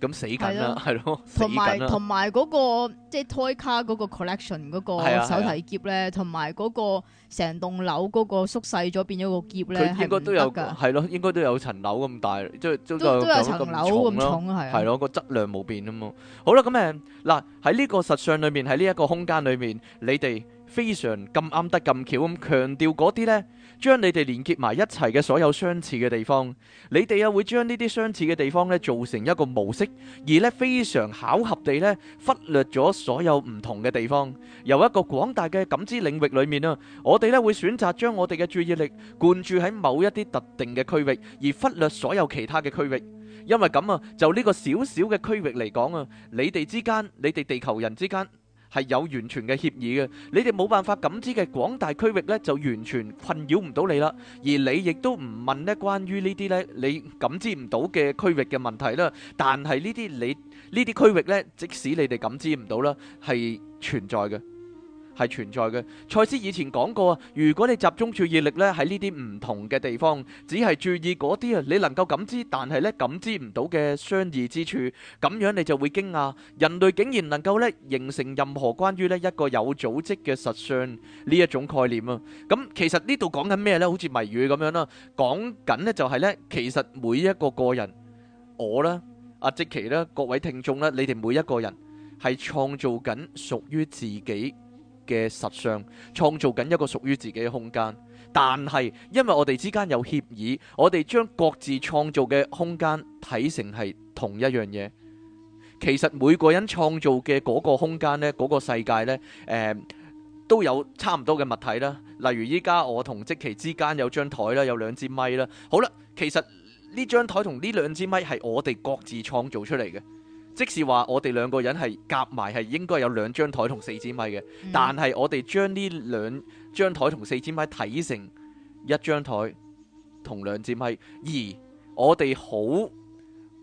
咁死緊啦，係咯，死緊啦，同埋同埋嗰個即係 toy car 嗰個 collection 嗰個手提箧咧，同埋嗰個，棟樓個成棟樓嗰個縮細咗變咗個箧咧，應該都有噶係咯，應該都，都，都有層樓咁大，即係都都有層樓咁重啦，係係咯個質量冇變啊嘛了、那個。好啦，咁誒嗱喺呢個實相裏面喺呢一個空間裏面，你哋非常咁啱得咁巧咁強調嗰啲咧。將你哋連結埋一齊嘅所有相似嘅地方，你哋啊會將呢啲相似嘅地方咧做成一個模式，而咧非常巧合地咧忽略咗所有唔同嘅地方。由一個廣大嘅感知領域裏面啊，我哋咧會選擇將我哋嘅注意力灌注喺某一啲特定嘅區域，而忽略所有其他嘅區域。因為咁啊，就呢個小小嘅區域嚟講啊，你哋之間，你哋地球人之間。係有完全嘅協議嘅，你哋冇辦法感知嘅廣大區域呢，就完全困擾唔到你啦。而你亦都唔問呢關於呢啲呢，你感知唔到嘅區域嘅問題啦。但係呢啲你呢啲區域呢，即使你哋感知唔到啦，係存在嘅。係存在嘅。賽斯以前講過啊，如果你集中注意力咧喺呢啲唔同嘅地方，只係注意嗰啲啊，你能夠感知，但係咧感知唔到嘅相異之處，咁樣你就會驚訝，人類竟然能夠咧形成任何關於咧一個有組織嘅實相呢一種概念啊。咁其實呢度講緊咩咧？好似謎語咁樣啦，講緊咧就係咧，其實每一個個人我啦，阿即奇啦，各位聽眾啦，你哋每一個人係創造緊屬於自己。嘅實相創造緊一個屬於自己嘅空間，但係因為我哋之間有協議，我哋將各自創造嘅空間睇成係同一樣嘢。其實每個人創造嘅嗰個空間呢，嗰、嗰個世界呢，誒、呃、都有差唔多嘅物體啦。例如依家我同即其之間有張台啦，有兩支咪啦。好啦，其實呢張台同呢兩支咪係我哋各自創造出嚟嘅。即使話我哋兩個人係夾埋係應該有兩張台同四支米嘅，但係我哋將呢兩張台同四支米睇成一張台同兩支米，而我哋好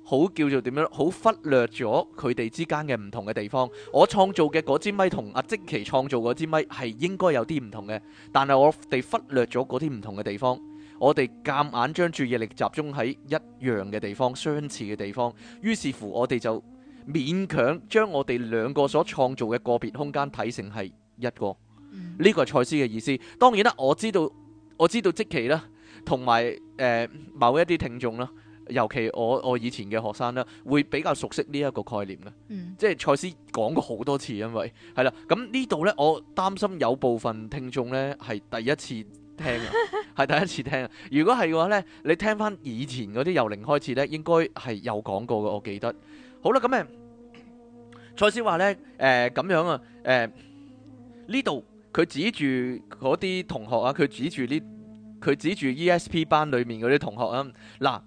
好叫做點樣？好忽略咗佢哋之間嘅唔同嘅地方。我創造嘅嗰支米同阿即奇創造嗰支米係應該有啲唔同嘅，但係我哋忽略咗嗰啲唔同嘅地方，我哋夾硬將注意力集中喺一樣嘅地方，相似嘅地方，於是乎我哋就。勉強將我哋兩個所創造嘅個別空間睇成係一個，呢、嗯、個係賽斯嘅意思。當然啦，我知道我知道即期啦，同埋誒某一啲聽眾啦，尤其我我以前嘅學生啦，會比較熟悉呢一個概念嘅，嗯、即係賽斯講過好多次，因為係啦。咁呢度呢，我擔心有部分聽眾呢係第一次聽啊，係 *laughs* 第一次聽啊。如果係嘅話呢，你聽翻以前嗰啲由零開始呢，應該係有講過嘅，我記得。好啦，咁啊，蔡思話呢，誒、呃，咁樣啊，誒、呃，呢度佢指住嗰啲同學啊，佢指住呢，佢指住 E S P 班裏面嗰啲同學啊。嗱，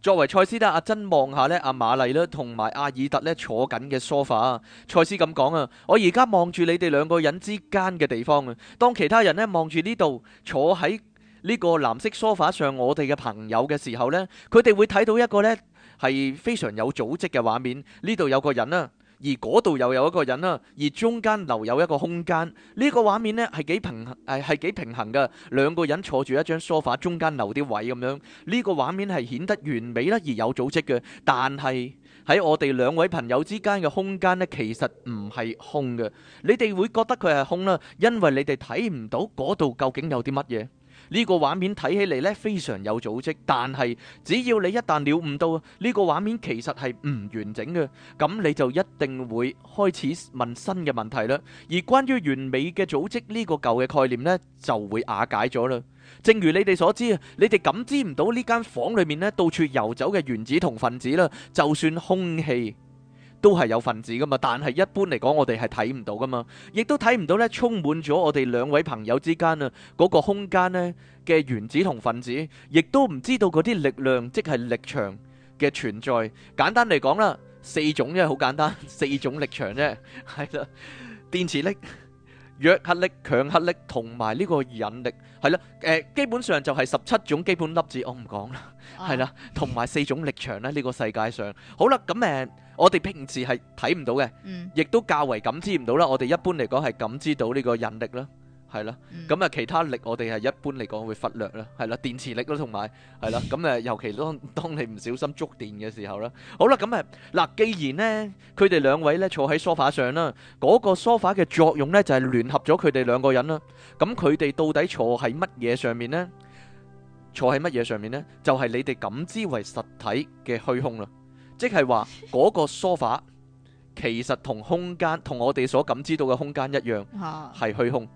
作為蔡思德，阿、啊、珍望下呢，阿、啊、瑪麗啦，同埋阿爾特呢坐緊嘅 sofa，蔡思咁講啊，我而家望住你哋兩個人之間嘅地方啊，當其他人呢望住呢度坐喺呢個藍色 sofa 上我哋嘅朋友嘅時候呢，佢哋會睇到一個呢。係非常有組織嘅畫面，呢度有個人啦，而嗰度又有一個人啦，而中間留有一個空間。呢個畫面呢係幾平係幾平衡嘅，兩個人坐住一張梳化，中間留啲位咁樣。呢個畫面係顯得完美啦，而有組織嘅。但係喺我哋兩位朋友之間嘅空間呢，其實唔係空嘅。你哋會覺得佢係空啦，因為你哋睇唔到嗰度究竟有啲乜嘢。呢個畫面睇起嚟咧非常有組織，但係只要你一旦了悟到呢個畫面其實係唔完整嘅，咁你就一定會開始問新嘅問題啦。而關於完美嘅組織呢個舊嘅概念呢就會瓦解咗啦。正如你哋所知，你哋感知唔到呢間房裏面呢，到處遊走嘅原子同分子啦，就算空氣，都係有分子噶嘛，但係一般嚟講，我哋係睇唔到噶嘛，亦都睇唔到呢，充滿咗我哋兩位朋友之間啊嗰個空間呢嘅原子同分子，亦都唔知道嗰啲力量，即係力場嘅存在。簡單嚟講啦，四種啫，好簡單，四種力場啫，係啦，電磁力、弱核力、強核力同埋呢個引力，係啦，誒，基本上就係十七種基本粒子，我唔講啦，係啦，同埋四種力場呢，呢個世界上，好啦，咁誒。我哋平時係睇唔到嘅，亦都較為感知唔到啦。我哋一般嚟講係感知到呢個引力啦，係啦。咁啊，其他力我哋係一般嚟講會忽略啦，係啦。電磁力啦，同埋係啦。咁啊，尤其當當你唔小心觸電嘅時候啦。好啦，咁啊，嗱，既然咧，佢哋兩位咧坐喺梳化上啦，嗰個梳化嘅作用咧就係聯合咗佢哋兩個人啦。咁佢哋到底坐喺乜嘢上面咧？坐喺乜嘢上面咧？就係你哋感知為實體嘅虛空啦。即係話嗰個梳化其實同空間同我哋所感知到嘅空間一樣，係虛空啊。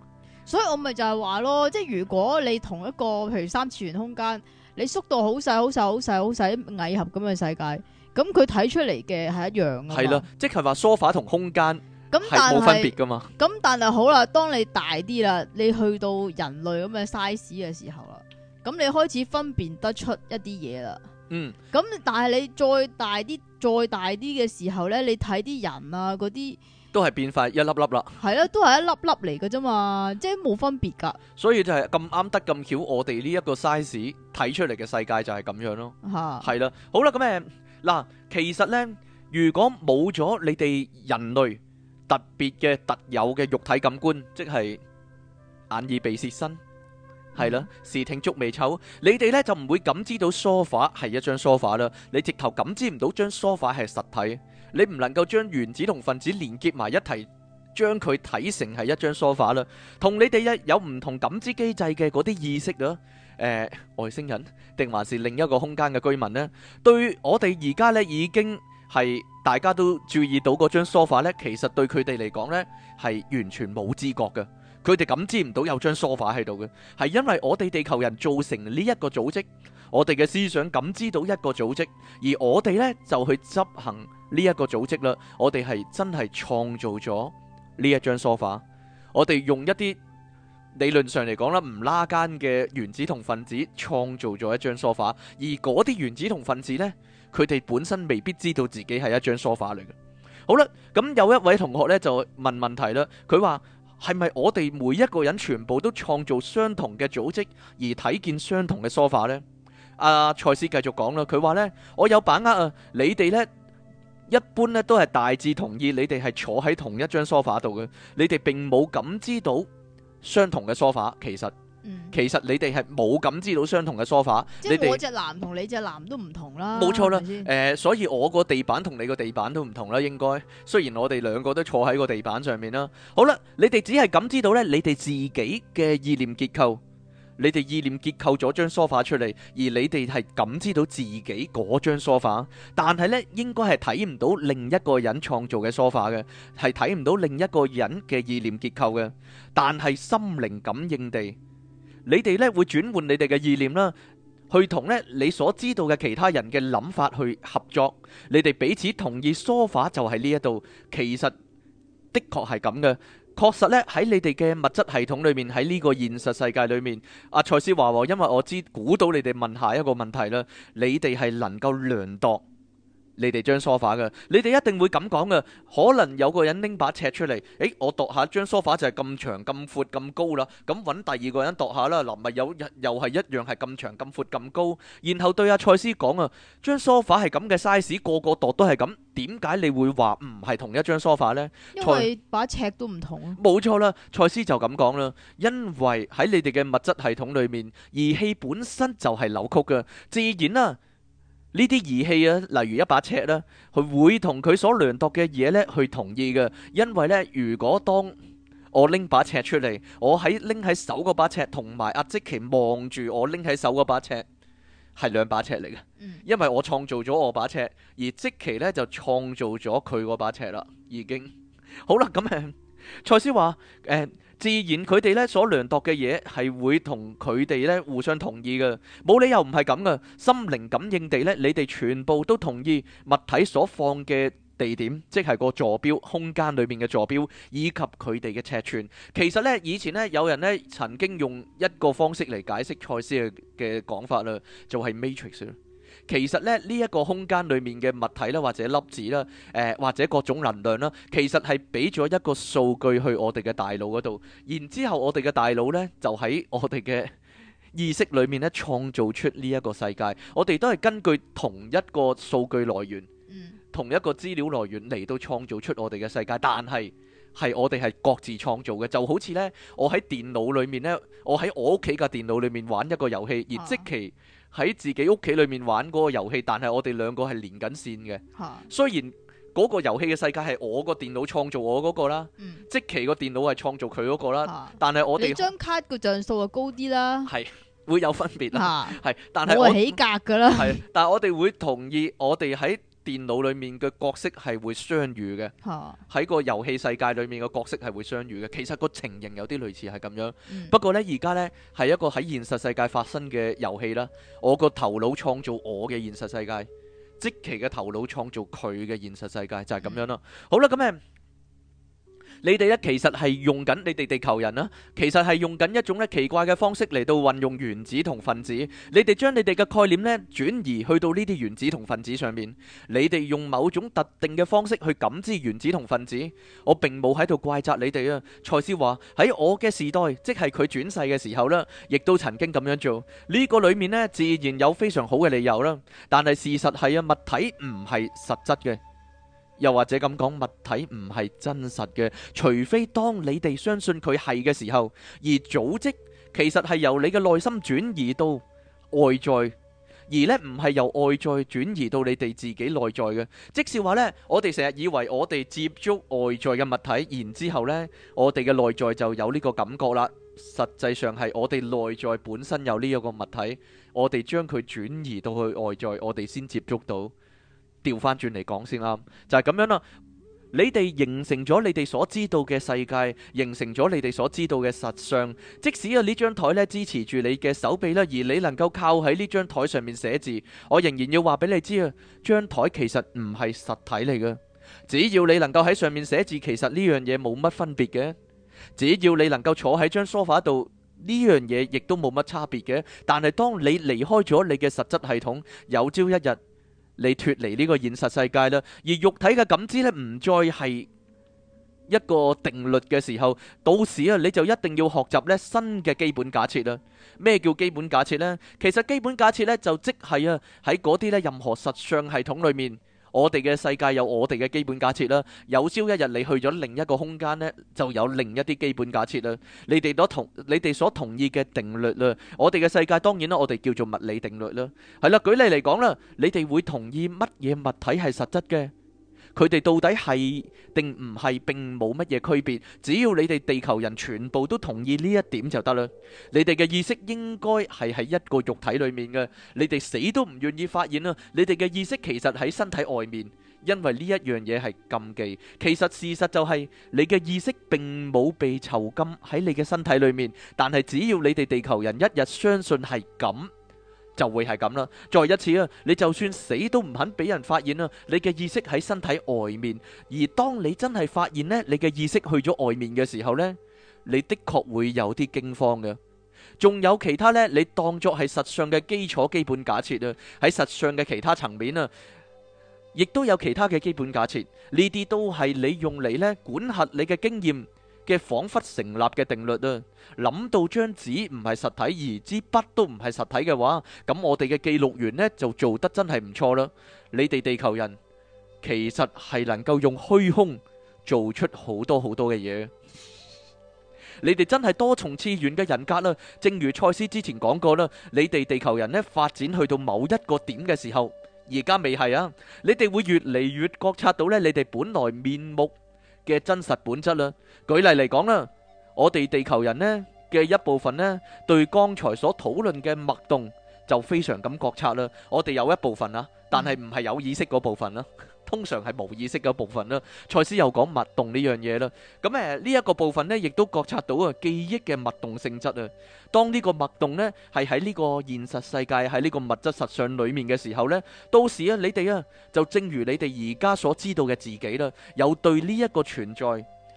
所以我咪就係話咯，即係如果你同一個譬如三次元空間，你縮到好細好細好細好細蟻合咁嘅世界，咁佢睇出嚟嘅係一樣。係啦，即係話梳化同空間咁冇分別噶嘛。咁但係好啦，當你大啲啦，你去到人類咁嘅 size 嘅時候啦，咁你開始分辨得出一啲嘢啦。嗯，咁但係你再大啲，再大啲嘅時候咧，你睇啲人啊，嗰啲都係變化一粒粒啦。係啦，都係一粒粒嚟嘅啫嘛，即係冇分別噶。所以就係咁啱得咁巧，我哋呢一個 size 睇出嚟嘅世界就係咁樣咯。吓，啊，係啦，好啦，咁誒嗱，其實咧，如果冇咗你哋人類特別嘅特有嘅肉體感官，即係眼耳鼻舌身。係啦，視聽足未丑，你哋咧就唔會感知到梳化 f 係一張梳化 f 啦。你直頭感知唔到張梳化 f a 係實體，你唔能夠將原子同分子連結埋一齊，將佢睇成係一張梳化 f 啦。同你哋一有唔同感知機制嘅嗰啲意識咯，誒、呃，外星人定還是另一個空間嘅居民呢？對我哋而家咧已經係大家都注意到嗰張梳化 f 咧，其實對佢哋嚟講咧係完全冇知覺嘅。佢哋感知唔到有張梳化喺度嘅，係因為我哋地球人造成呢一個組織，我哋嘅思想感知到一個組織，而我哋呢就去執行呢一個組織啦。我哋係真係創造咗呢一張梳化，我哋用一啲理論上嚟講啦唔拉間嘅原子同分子創造咗一張梳化，而嗰啲原子同分子呢，佢哋本身未必知道自己係一張梳化嚟嘅。好啦，咁有一位同學呢就問問題啦，佢話。係咪我哋每一個人全部都創造相同嘅組織而睇見相同嘅梳化呢？阿、啊、賽斯繼續講啦，佢話呢：「我有把握啊，你哋呢一般咧都係大致同意，你哋係坐喺同一張梳化度嘅，你哋並冇感知到相同嘅梳化。」其實。其實你哋係冇感知到相同嘅梳化，即係我隻藍同你隻藍都唔同啦，冇錯啦。誒，所以我個地板同你個地板都唔同啦，應該。雖然我哋兩個都坐喺個地板上面啦。好啦，你哋只係感知到咧，你哋自己嘅意念結構，你哋意念結構咗張梳化出嚟，而你哋係感知到自己嗰張梳化，但係咧應該係睇唔到另一個人創造嘅梳化嘅，係睇唔到另一個人嘅意念結構嘅，但係心靈感應地。你哋咧會轉換你哋嘅意念啦，去同咧你所知道嘅其他人嘅諗法去合作。你哋彼此同意梳化就喺呢一度，其實的確係咁嘅，確實呢，喺你哋嘅物質系統裏面，喺呢個現實世界裏面。阿、啊、賽斯話，因為我知估到你哋問下一個問題啦，你哋係能夠量度。你哋張梳化嘅，你哋一定會咁講嘅。可能有個人拎把尺出嚟，誒，我度下張梳化就係咁長、咁闊、咁高啦。咁揾第二個人度下啦，嗱，咪有又係一樣係咁長、咁闊、咁高。然後對阿蔡斯講啊，張梳化係咁嘅 size，個個度都係咁，點解你會話唔係同一張梳化呢？因為把尺都唔同啊。冇錯啦，蔡斯就咁講啦，因為喺你哋嘅物質系統裏面，儀器本身就係扭曲嘅，自然啊。呢啲儀器啊，例如一把尺啦，佢會同佢所聯絡嘅嘢咧去同意嘅，因為咧，如果當我拎把尺出嚟，我喺拎喺手嗰把尺，同埋阿即奇望住我拎喺手嗰把尺，係兩把尺嚟嘅，因為我創造咗我把尺，而即奇咧就創造咗佢嗰把尺啦，已經好啦，咁樣，蔡司話誒。呃自然，佢哋咧所量度嘅嘢，係會同佢哋咧互相同意嘅，冇理由唔係咁嘅。心靈感應地咧，你哋全部都同意物體所放嘅地點，即係個坐標空間裡面嘅坐標，以及佢哋嘅尺寸。其實咧，以前咧有人咧曾經用一個方式嚟解釋賽斯嘅講法啦，就係 Matrix。其實咧，呢、這、一個空間裡面嘅物體啦，或者粒子啦，誒、呃，或者各種能量啦，其實係俾咗一個數據去我哋嘅大腦嗰度，然之後我哋嘅大腦呢，就喺我哋嘅意識裡面咧，創造出呢一個世界。我哋都係根據同一個數據來源，嗯、同一個資料來源嚟到創造出我哋嘅世界，但係係我哋係各自創造嘅。就好似呢：我喺電腦裡面呢，我喺我屋企嘅電腦裡面玩一個遊戲，而即期。喺自己屋企裏面玩嗰個遊戲，但係我哋兩個係連緊線嘅。啊、雖然嗰個遊戲嘅世界係我個電腦創造我嗰個啦，嗯、即其個電腦係創造佢嗰個啦。啊、但係我哋張卡個像素就高啲啦。係會有分別啦。係、啊，但係我，我起格㗎啦。係，但係我哋會同意我哋喺。電腦裏面嘅角色係會相遇嘅，喺、啊、個遊戲世界裏面嘅角色係會相遇嘅。其實個情形有啲類似係咁樣，嗯、不過呢，而家呢係一個喺現實世界發生嘅遊戲啦。我個頭腦創造我嘅現實世界，即其嘅頭腦創造佢嘅現實世界就係、是、咁樣啦。嗯、好啦，咁誒。你哋咧其實係用緊你哋地球人啊。其實係用緊一種咧奇怪嘅方式嚟到運用原子同分子。你哋將你哋嘅概念咧轉移去到呢啲原子同分子上面，你哋用某種特定嘅方式去感知原子同分子。我並冇喺度怪責你哋啊。賽斯話喺我嘅時代，即係佢轉世嘅時候呢，亦都曾經咁樣做。呢、呢個裡面呢，自然有非常好嘅理由啦。但係事實係啊，物體唔係實質嘅。又或者咁講，物體唔係真實嘅，除非當你哋相信佢係嘅時候。而組織其實係由你嘅內心轉移到外在，而呢唔係由外在轉移到你哋自己內在嘅。即係話呢，我哋成日以為我哋接觸外在嘅物體，然之後呢我哋嘅內在就有呢個感覺啦。實際上係我哋內在本身有呢一個物體，我哋將佢轉移到去外在，我哋先接觸到。調翻轉嚟講先啦，就係咁樣啦。你哋形成咗你哋所知道嘅世界，形成咗你哋所知道嘅實相。即使啊呢張台咧支持住你嘅手臂咧，而你能夠靠喺呢張台上面寫字，我仍然要話俾你知啊。張台其實唔係實體嚟嘅。只要你能夠喺上面寫字，其實呢樣嘢冇乜分別嘅。只要你能夠坐喺張梳化度，呢樣嘢亦都冇乜差別嘅。但係當你離開咗你嘅實質系統，有朝一日。你脫離呢個現實世界啦，而肉體嘅感知呢，唔再係一個定律嘅時候，到時啊你就一定要學習呢新嘅基本假設啦。咩叫基本假設呢？其實基本假設呢，就即係啊喺嗰啲呢任何實相系統裏面。我哋嘅世界有我哋嘅基本假設啦。有朝一日你去咗另一個空間呢，就有另一啲基本假設啦。你哋都同你哋所同意嘅定律啦，我哋嘅世界當然啦，我哋叫做物理定律啦。係啦，舉例嚟講啦，你哋會同意乜嘢物體係實質嘅？佢哋到底係定唔係，並冇乜嘢區別。只要你哋地球人全部都同意呢一點就得啦。你哋嘅意識應該係喺一個肉體裏面嘅，你哋死都唔願意發現啦。你哋嘅意識其實喺身體外面，因為呢一樣嘢係禁忌。其實事實就係你嘅意識並冇被囚禁喺你嘅身體裏面，但係只要你哋地球人一日相信係咁。就會係咁啦，再一次啊，你就算死都唔肯俾人發現啦，你嘅意識喺身體外面，而當你真係發現咧，你嘅意識去咗外面嘅時候呢，你的確會有啲驚慌嘅。仲有其他呢？你當作係實相嘅基礎基本假設啊，喺實相嘅其他層面啊，亦都有其他嘅基本假設，呢啲都係你用嚟咧管轄你嘅經驗，嘅仿佛成立嘅定律啊！諗到張紙唔係實體，而支筆都唔係實體嘅話，咁我哋嘅記錄員呢就做得真係唔錯啦！你哋地球人其實係能夠用虛空做出好多好多嘅嘢，你哋真係多重次元嘅人格啦、啊！正如賽斯之前講過啦，你哋地球人呢發展去到某一個點嘅時候，而家未係啊！你哋會越嚟越覺察到咧，你哋本來面目。嘅真實本質啦，舉例嚟講啦，我哋地球人呢嘅一部分呢，對剛才所討論嘅脈動，就非常咁覺察啦，我哋有一部分啦，但係唔係有意識嗰部分啦，通常係無意識嗰部分啦。賽斯又講脈動呢樣嘢啦，咁誒呢一個部分咧，亦都覺察到啊記憶嘅脈動性質啊。當呢個脈動咧係喺呢個現實世界喺呢個物質實相裡面嘅時候咧，到時啊你哋啊就正如你哋而家所知道嘅自己啦，有對呢一個存在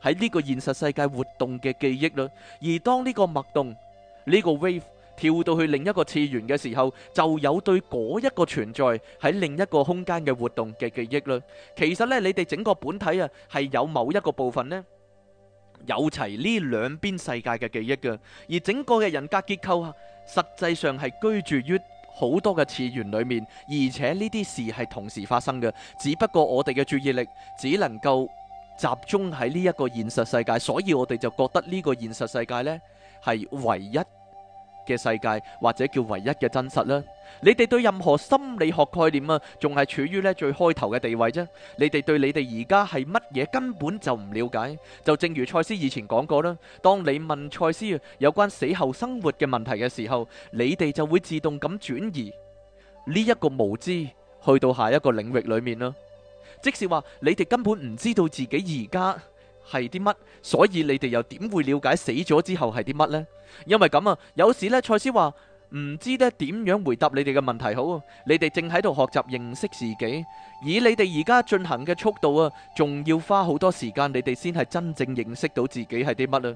喺呢個現實世界活動嘅記憶啦。而當呢個脈動呢個 wave 跳到去另一個次元嘅時候，就有對嗰一個存在喺另一個空間嘅活動嘅記憶啦。其實呢，你哋整個本體啊，係有某一個部分呢，有齊呢兩邊世界嘅記憶㗎。而整個嘅人格結構啊，實際上係居住於好多嘅次元裏面，而且呢啲事係同時發生嘅。只不過我哋嘅注意力只能夠集中喺呢一個現實世界，所以我哋就覺得呢個現實世界呢係唯一。嘅世界或者叫唯一嘅真實啦，你哋對任何心理學概念啊，仲係處於呢最開頭嘅地位啫。你哋對你哋而家係乜嘢根本就唔了解，就正如賽斯以前講過啦。當你問賽斯有關死後生活嘅問題嘅時候，你哋就會自動咁轉移呢一個無知去到下一個領域裏面啦。即係話你哋根本唔知道自己而家。係啲乜？所以你哋又點會了解死咗之後係啲乜呢？因為咁啊，有時呢，賽斯話唔知咧點樣回答你哋嘅問題好。你哋正喺度學習認識自己，以你哋而家進行嘅速度啊，仲要花好多時間，你哋先係真正認識到自己係啲乜啊！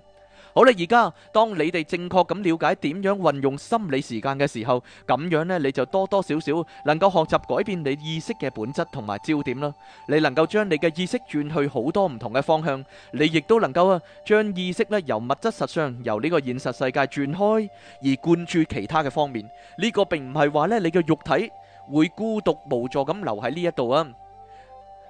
好啦，而家當你哋正確咁了解點樣運用心理時間嘅時候，咁樣呢你就多多少少能夠學習改變你意識嘅本質同埋焦點啦。你能夠將你嘅意識轉去好多唔同嘅方向，你亦都能夠啊將意識呢由物質實上由呢個現實世界轉開而灌注其他嘅方面。呢個並唔係話呢你嘅肉體會孤獨無助咁留喺呢一度啊。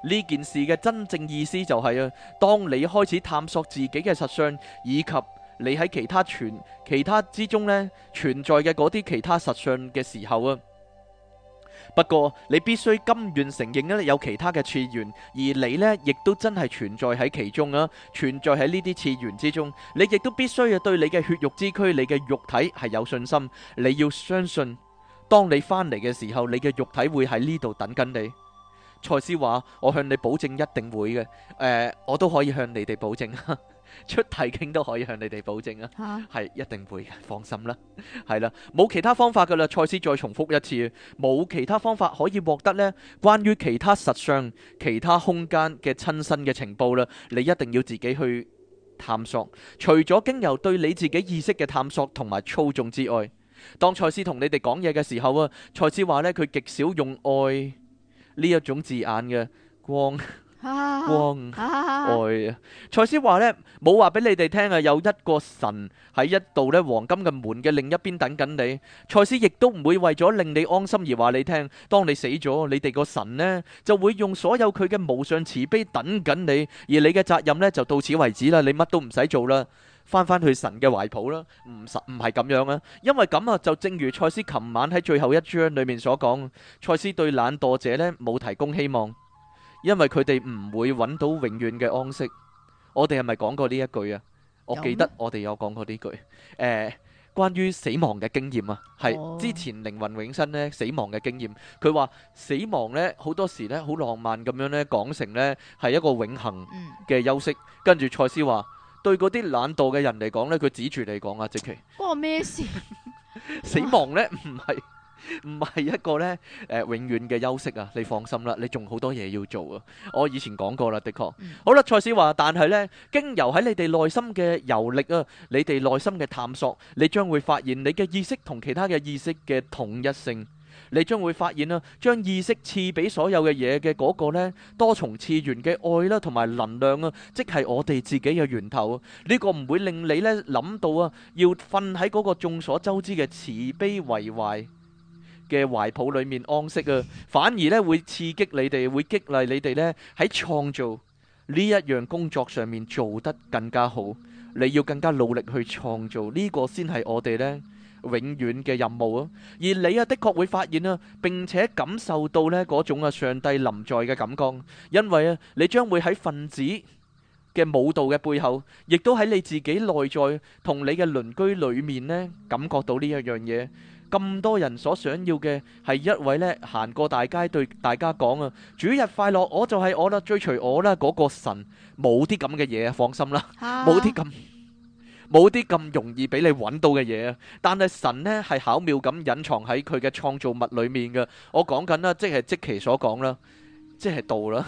呢件事嘅真正意思就係、是、啊，當你開始探索自己嘅實相，以及你喺其他存其他之中咧，存在嘅嗰啲其他實相嘅時候啊，不過你必須甘願承認咧，有其他嘅次元，而你呢亦都真係存在喺其中啊，存在喺呢啲次元之中，你亦都必須要對你嘅血肉之軀、你嘅肉體係有信心，你要相信，當你返嚟嘅時候，你嘅肉體會喺呢度等緊你。賽斯話：我向你保證一定會嘅。誒、呃，我都可以向你哋保證呵呵出題經都可以向你哋保證啊，係一定會嘅，放心啦。係 *laughs* 啦，冇其他方法噶啦。賽斯再重複一次，冇其他方法可以獲得呢關於其他實相、其他空間嘅親身嘅情報啦，你一定要自己去探索。除咗經由對你自己意識嘅探索同埋操縱之外，當賽斯同你哋講嘢嘅時候啊，賽斯話呢佢極少用愛。呢一種字眼嘅光。蔡斯話呢，冇話俾你哋聽啊，有一個神喺一道呢黃金嘅門嘅另一邊等緊你。蔡斯亦都唔會為咗令你安心而話你聽。當你死咗，你哋個神呢就會用所有佢嘅無上慈悲等緊你，而你嘅責任呢就到此為止啦，你乜都唔使做啦，翻返去神嘅懷抱啦。唔實唔係咁樣啊，因為咁啊就正如蔡斯琴晚喺最後一章裏面所講，蔡斯對懶惰者呢冇提供希望，因為佢哋唔會揾到永遠嘅安息，我哋係咪講過呢一句啊？我記得我哋有講過呢句，誒嗎、呃，關於死亡嘅經驗啊，係、哦、之前靈魂永生呢死亡嘅經驗。佢話死亡呢好多時呢好浪漫咁樣呢講成呢係一個永恒嘅休息。跟住賽斯話對嗰啲懶惰嘅人嚟講呢，佢指住你講啊，直期關我咩事？ *laughs* 死亡呢唔係。哇唔係一個咧，誒，永遠嘅休息啊！你放心啦，你仲好多嘢要做啊。我以前講過啦，的確。好啦，賽斯話，但係咧，經由喺你哋內心嘅遊歷啊，你哋內心嘅探索，你將會發現你嘅意識同其他嘅意識嘅統一性。你將會發現啦，將意識賜俾所有嘅嘢嘅嗰個咧，多重次元嘅愛啦，同埋能量啊，即係我哋自己嘅源頭。呢個唔會令你咧諗到啊，要瞓喺嗰個眾所周知嘅慈悲為懷。嘅懷抱裏面安息啊，反而咧，會刺激你哋，會激勵你哋咧喺創造呢一樣工作上面做得更加好。你要更加努力去創造，呢個先係我哋咧永遠嘅任務啊！而你啊的確會發現啊，並且感受到咧嗰種啊上帝臨在嘅感覺，因為啊你將會喺分子嘅舞蹈嘅背後，亦都喺你自己內在同你嘅鄰居裏面咧感覺到呢一樣嘢。咁多人所想要嘅係一位咧，行過大街對大家講啊，主日快樂，我就係我啦，追隨我啦，嗰個神冇啲咁嘅嘢，放心啦，冇啲咁冇啲咁容易俾你揾到嘅嘢啊！但係神呢係巧妙咁隱藏喺佢嘅創造物裏面噶，我講緊啦，即係即其所講啦，即係道啦，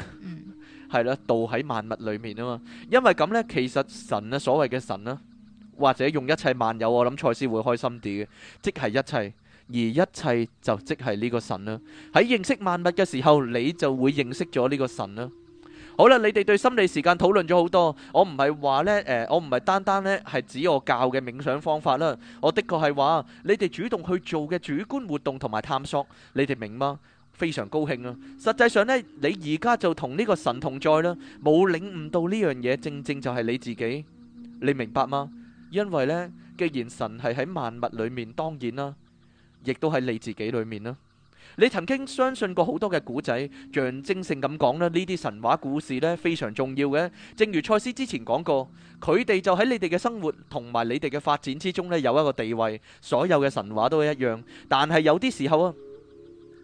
係啦，道喺萬物裏面啊嘛，因為咁呢，其實神啊，所謂嘅神啊。或者用一切萬有，我諗賽斯會開心啲嘅，即係一切，而一切就即係呢個神啦。喺認識萬物嘅時候，你就會認識咗呢個神啦。好啦，你哋對心理時間討論咗好多，我唔係話呢，誒、呃，我唔係單單呢係指我教嘅冥想方法啦，我的確係話你哋主動去做嘅主觀活動同埋探索，你哋明嗎？非常高興啊！實際上呢，你而家就同呢個神同在啦，冇領悟到呢樣嘢，正正，正就係你自己，你明白嗎？因為呢，既然神係喺萬物裏面，當然啦，亦都係你自己裏面啦。你曾經相信過好多嘅古仔，象徵性咁講啦，呢啲神話故事呢非常重要嘅。正如賽斯之前講過，佢哋就喺你哋嘅生活同埋你哋嘅發展之中呢有一個地位。所有嘅神話都係一樣，但係有啲時候啊，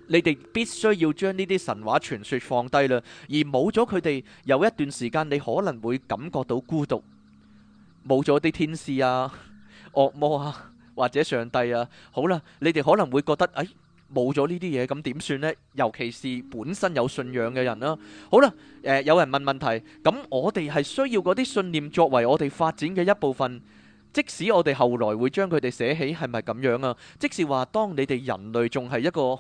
你哋必須要將呢啲神話傳說放低啦，而冇咗佢哋，有一段時間你可能會感覺到孤獨。冇咗啲天使啊、惡魔啊，或者上帝啊，好啦，你哋可能會覺得，哎，冇咗呢啲嘢，咁點算呢？尤其是本身有信仰嘅人啦、啊。好啦，誒、呃，有人問問題，咁我哋係需要嗰啲信念作為我哋發展嘅一部分，即使我哋後來會將佢哋寫起，係咪咁樣啊？即是話，當你哋人類仲係一個。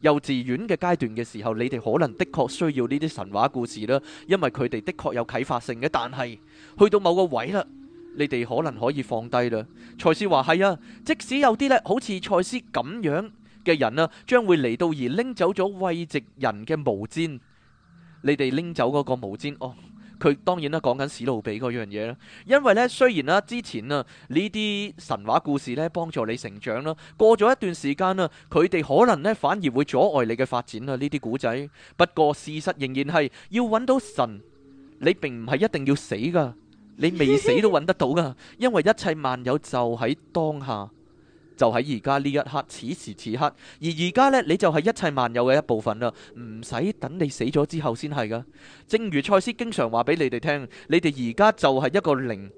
幼稚園嘅階段嘅時候，你哋可能的確需要呢啲神話故事啦，因為佢哋的確有啟發性嘅。但係去到某個位啦，你哋可能可以放低啦。賽斯話係啊，即使有啲呢好似賽斯咁樣嘅人啊，將會嚟到而拎走咗慰藉人嘅毛氈，你哋拎走嗰個毛氈哦。佢當然咧講緊史努比嗰樣嘢啦，因為呢，雖然咧之前啊呢啲神話故事咧幫助你成長啦，過咗一段時間啊佢哋可能咧反而會阻礙你嘅發展啊呢啲古仔。不過事實仍然係要揾到神，你並唔係一定要死㗎，你未死都揾得到㗎， *laughs* 因為一切萬有就喺當下。就喺而家呢一刻，此時此刻，而而家呢，你就係一切萬有嘅一部分啦，唔使等你死咗之後先係噶。正如賽斯經常話俾你哋聽，你哋而家就係一個靈，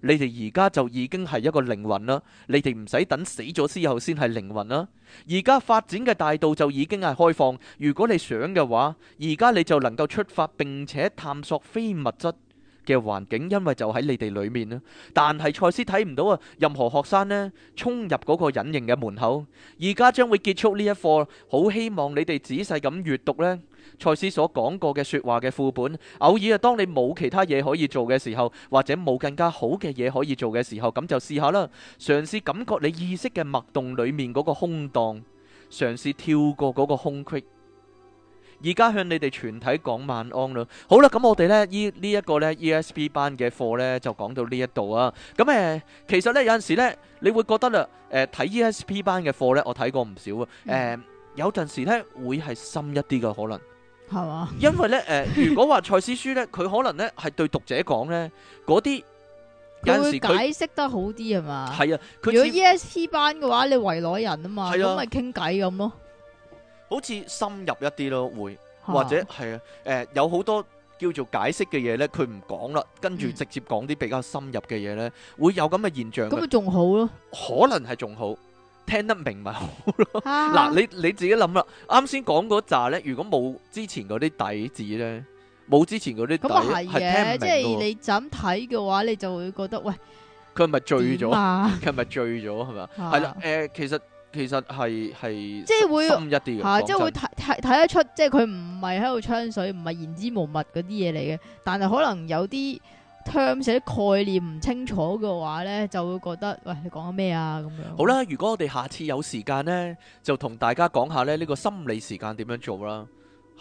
你哋而家就已經係一個靈魂啦，你哋唔使等死咗之後先係靈魂啦。而家發展嘅大道就已經係開放，如果你想嘅話，而家你就能夠出發並且探索非物質嘅環境，因為就喺你哋裏面啦。但係賽斯睇唔到啊，任何學生呢，衝入嗰個隱形嘅門口。而家將會結束呢一課，好希望你哋仔細咁閲讀呢賽斯所講過嘅説話嘅副本。偶爾啊，當你冇其他嘢可以做嘅時候，或者冇更加好嘅嘢可以做嘅時候，咁就試下啦，嘗試感覺你意識嘅脈動裏面嗰個空檔，嘗試跳過嗰個空隙。而家向你哋全體講晚安咯，好啦，咁、嗯、我哋咧呢、這個、呢一個咧 E S P 班嘅課咧就講到呢一度啊，咁誒，其實咧有陣時咧你會覺得咧，誒、呃、睇 E S P 班嘅課咧我睇過唔少啊，誒有陣時咧會係深一啲嘅可能，係嘛是嗎？ *laughs* 因為咧誒、呃，如果話賽斯書咧，佢 *laughs* 可能咧係對讀者講咧嗰啲，有陣時 *laughs* 解釋得好啲啊嘛，係啊。如果 E S P 班嘅話，你圍攞人啊嘛，咁咪傾偈咁咯。好似深入一啲咯，會或者係啊，誒有好多叫做解釋嘅嘢咧，佢唔講啦，跟住直接講啲比較深入嘅嘢咧，會有咁嘅現象。咁咪仲好咯？可能係仲好，聽得明咪好咯。嗱，你你自己諗啦，啱先講嗰紮咧，如果冇之前嗰啲底子咧，冇之前嗰啲咁係嘅，即係你就咁睇嘅話，你就會覺得喂，佢係咪醉咗？佢係咪醉咗？係咪啊？係啦，誒，其實。其實係係即係會深一啲吓，即係會睇睇得出，即係佢唔係喺度嗆水，唔係言之無物嗰啲嘢嚟嘅。但係可能有啲 terms 概念唔清楚嘅話咧，就會覺得喂，你講緊咩啊？咁樣。好啦，如果我哋下次有時間咧，就同大家講下咧呢個心理時間點樣做啦，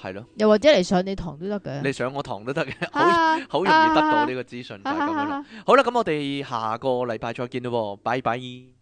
係咯。又或者嚟上你堂都得嘅，你上我堂都得嘅，好好容易得到呢個資訊、啊、就咁樣啦。啊、好啦吧，咁我哋下個禮拜再見咯，拜拜吧。吧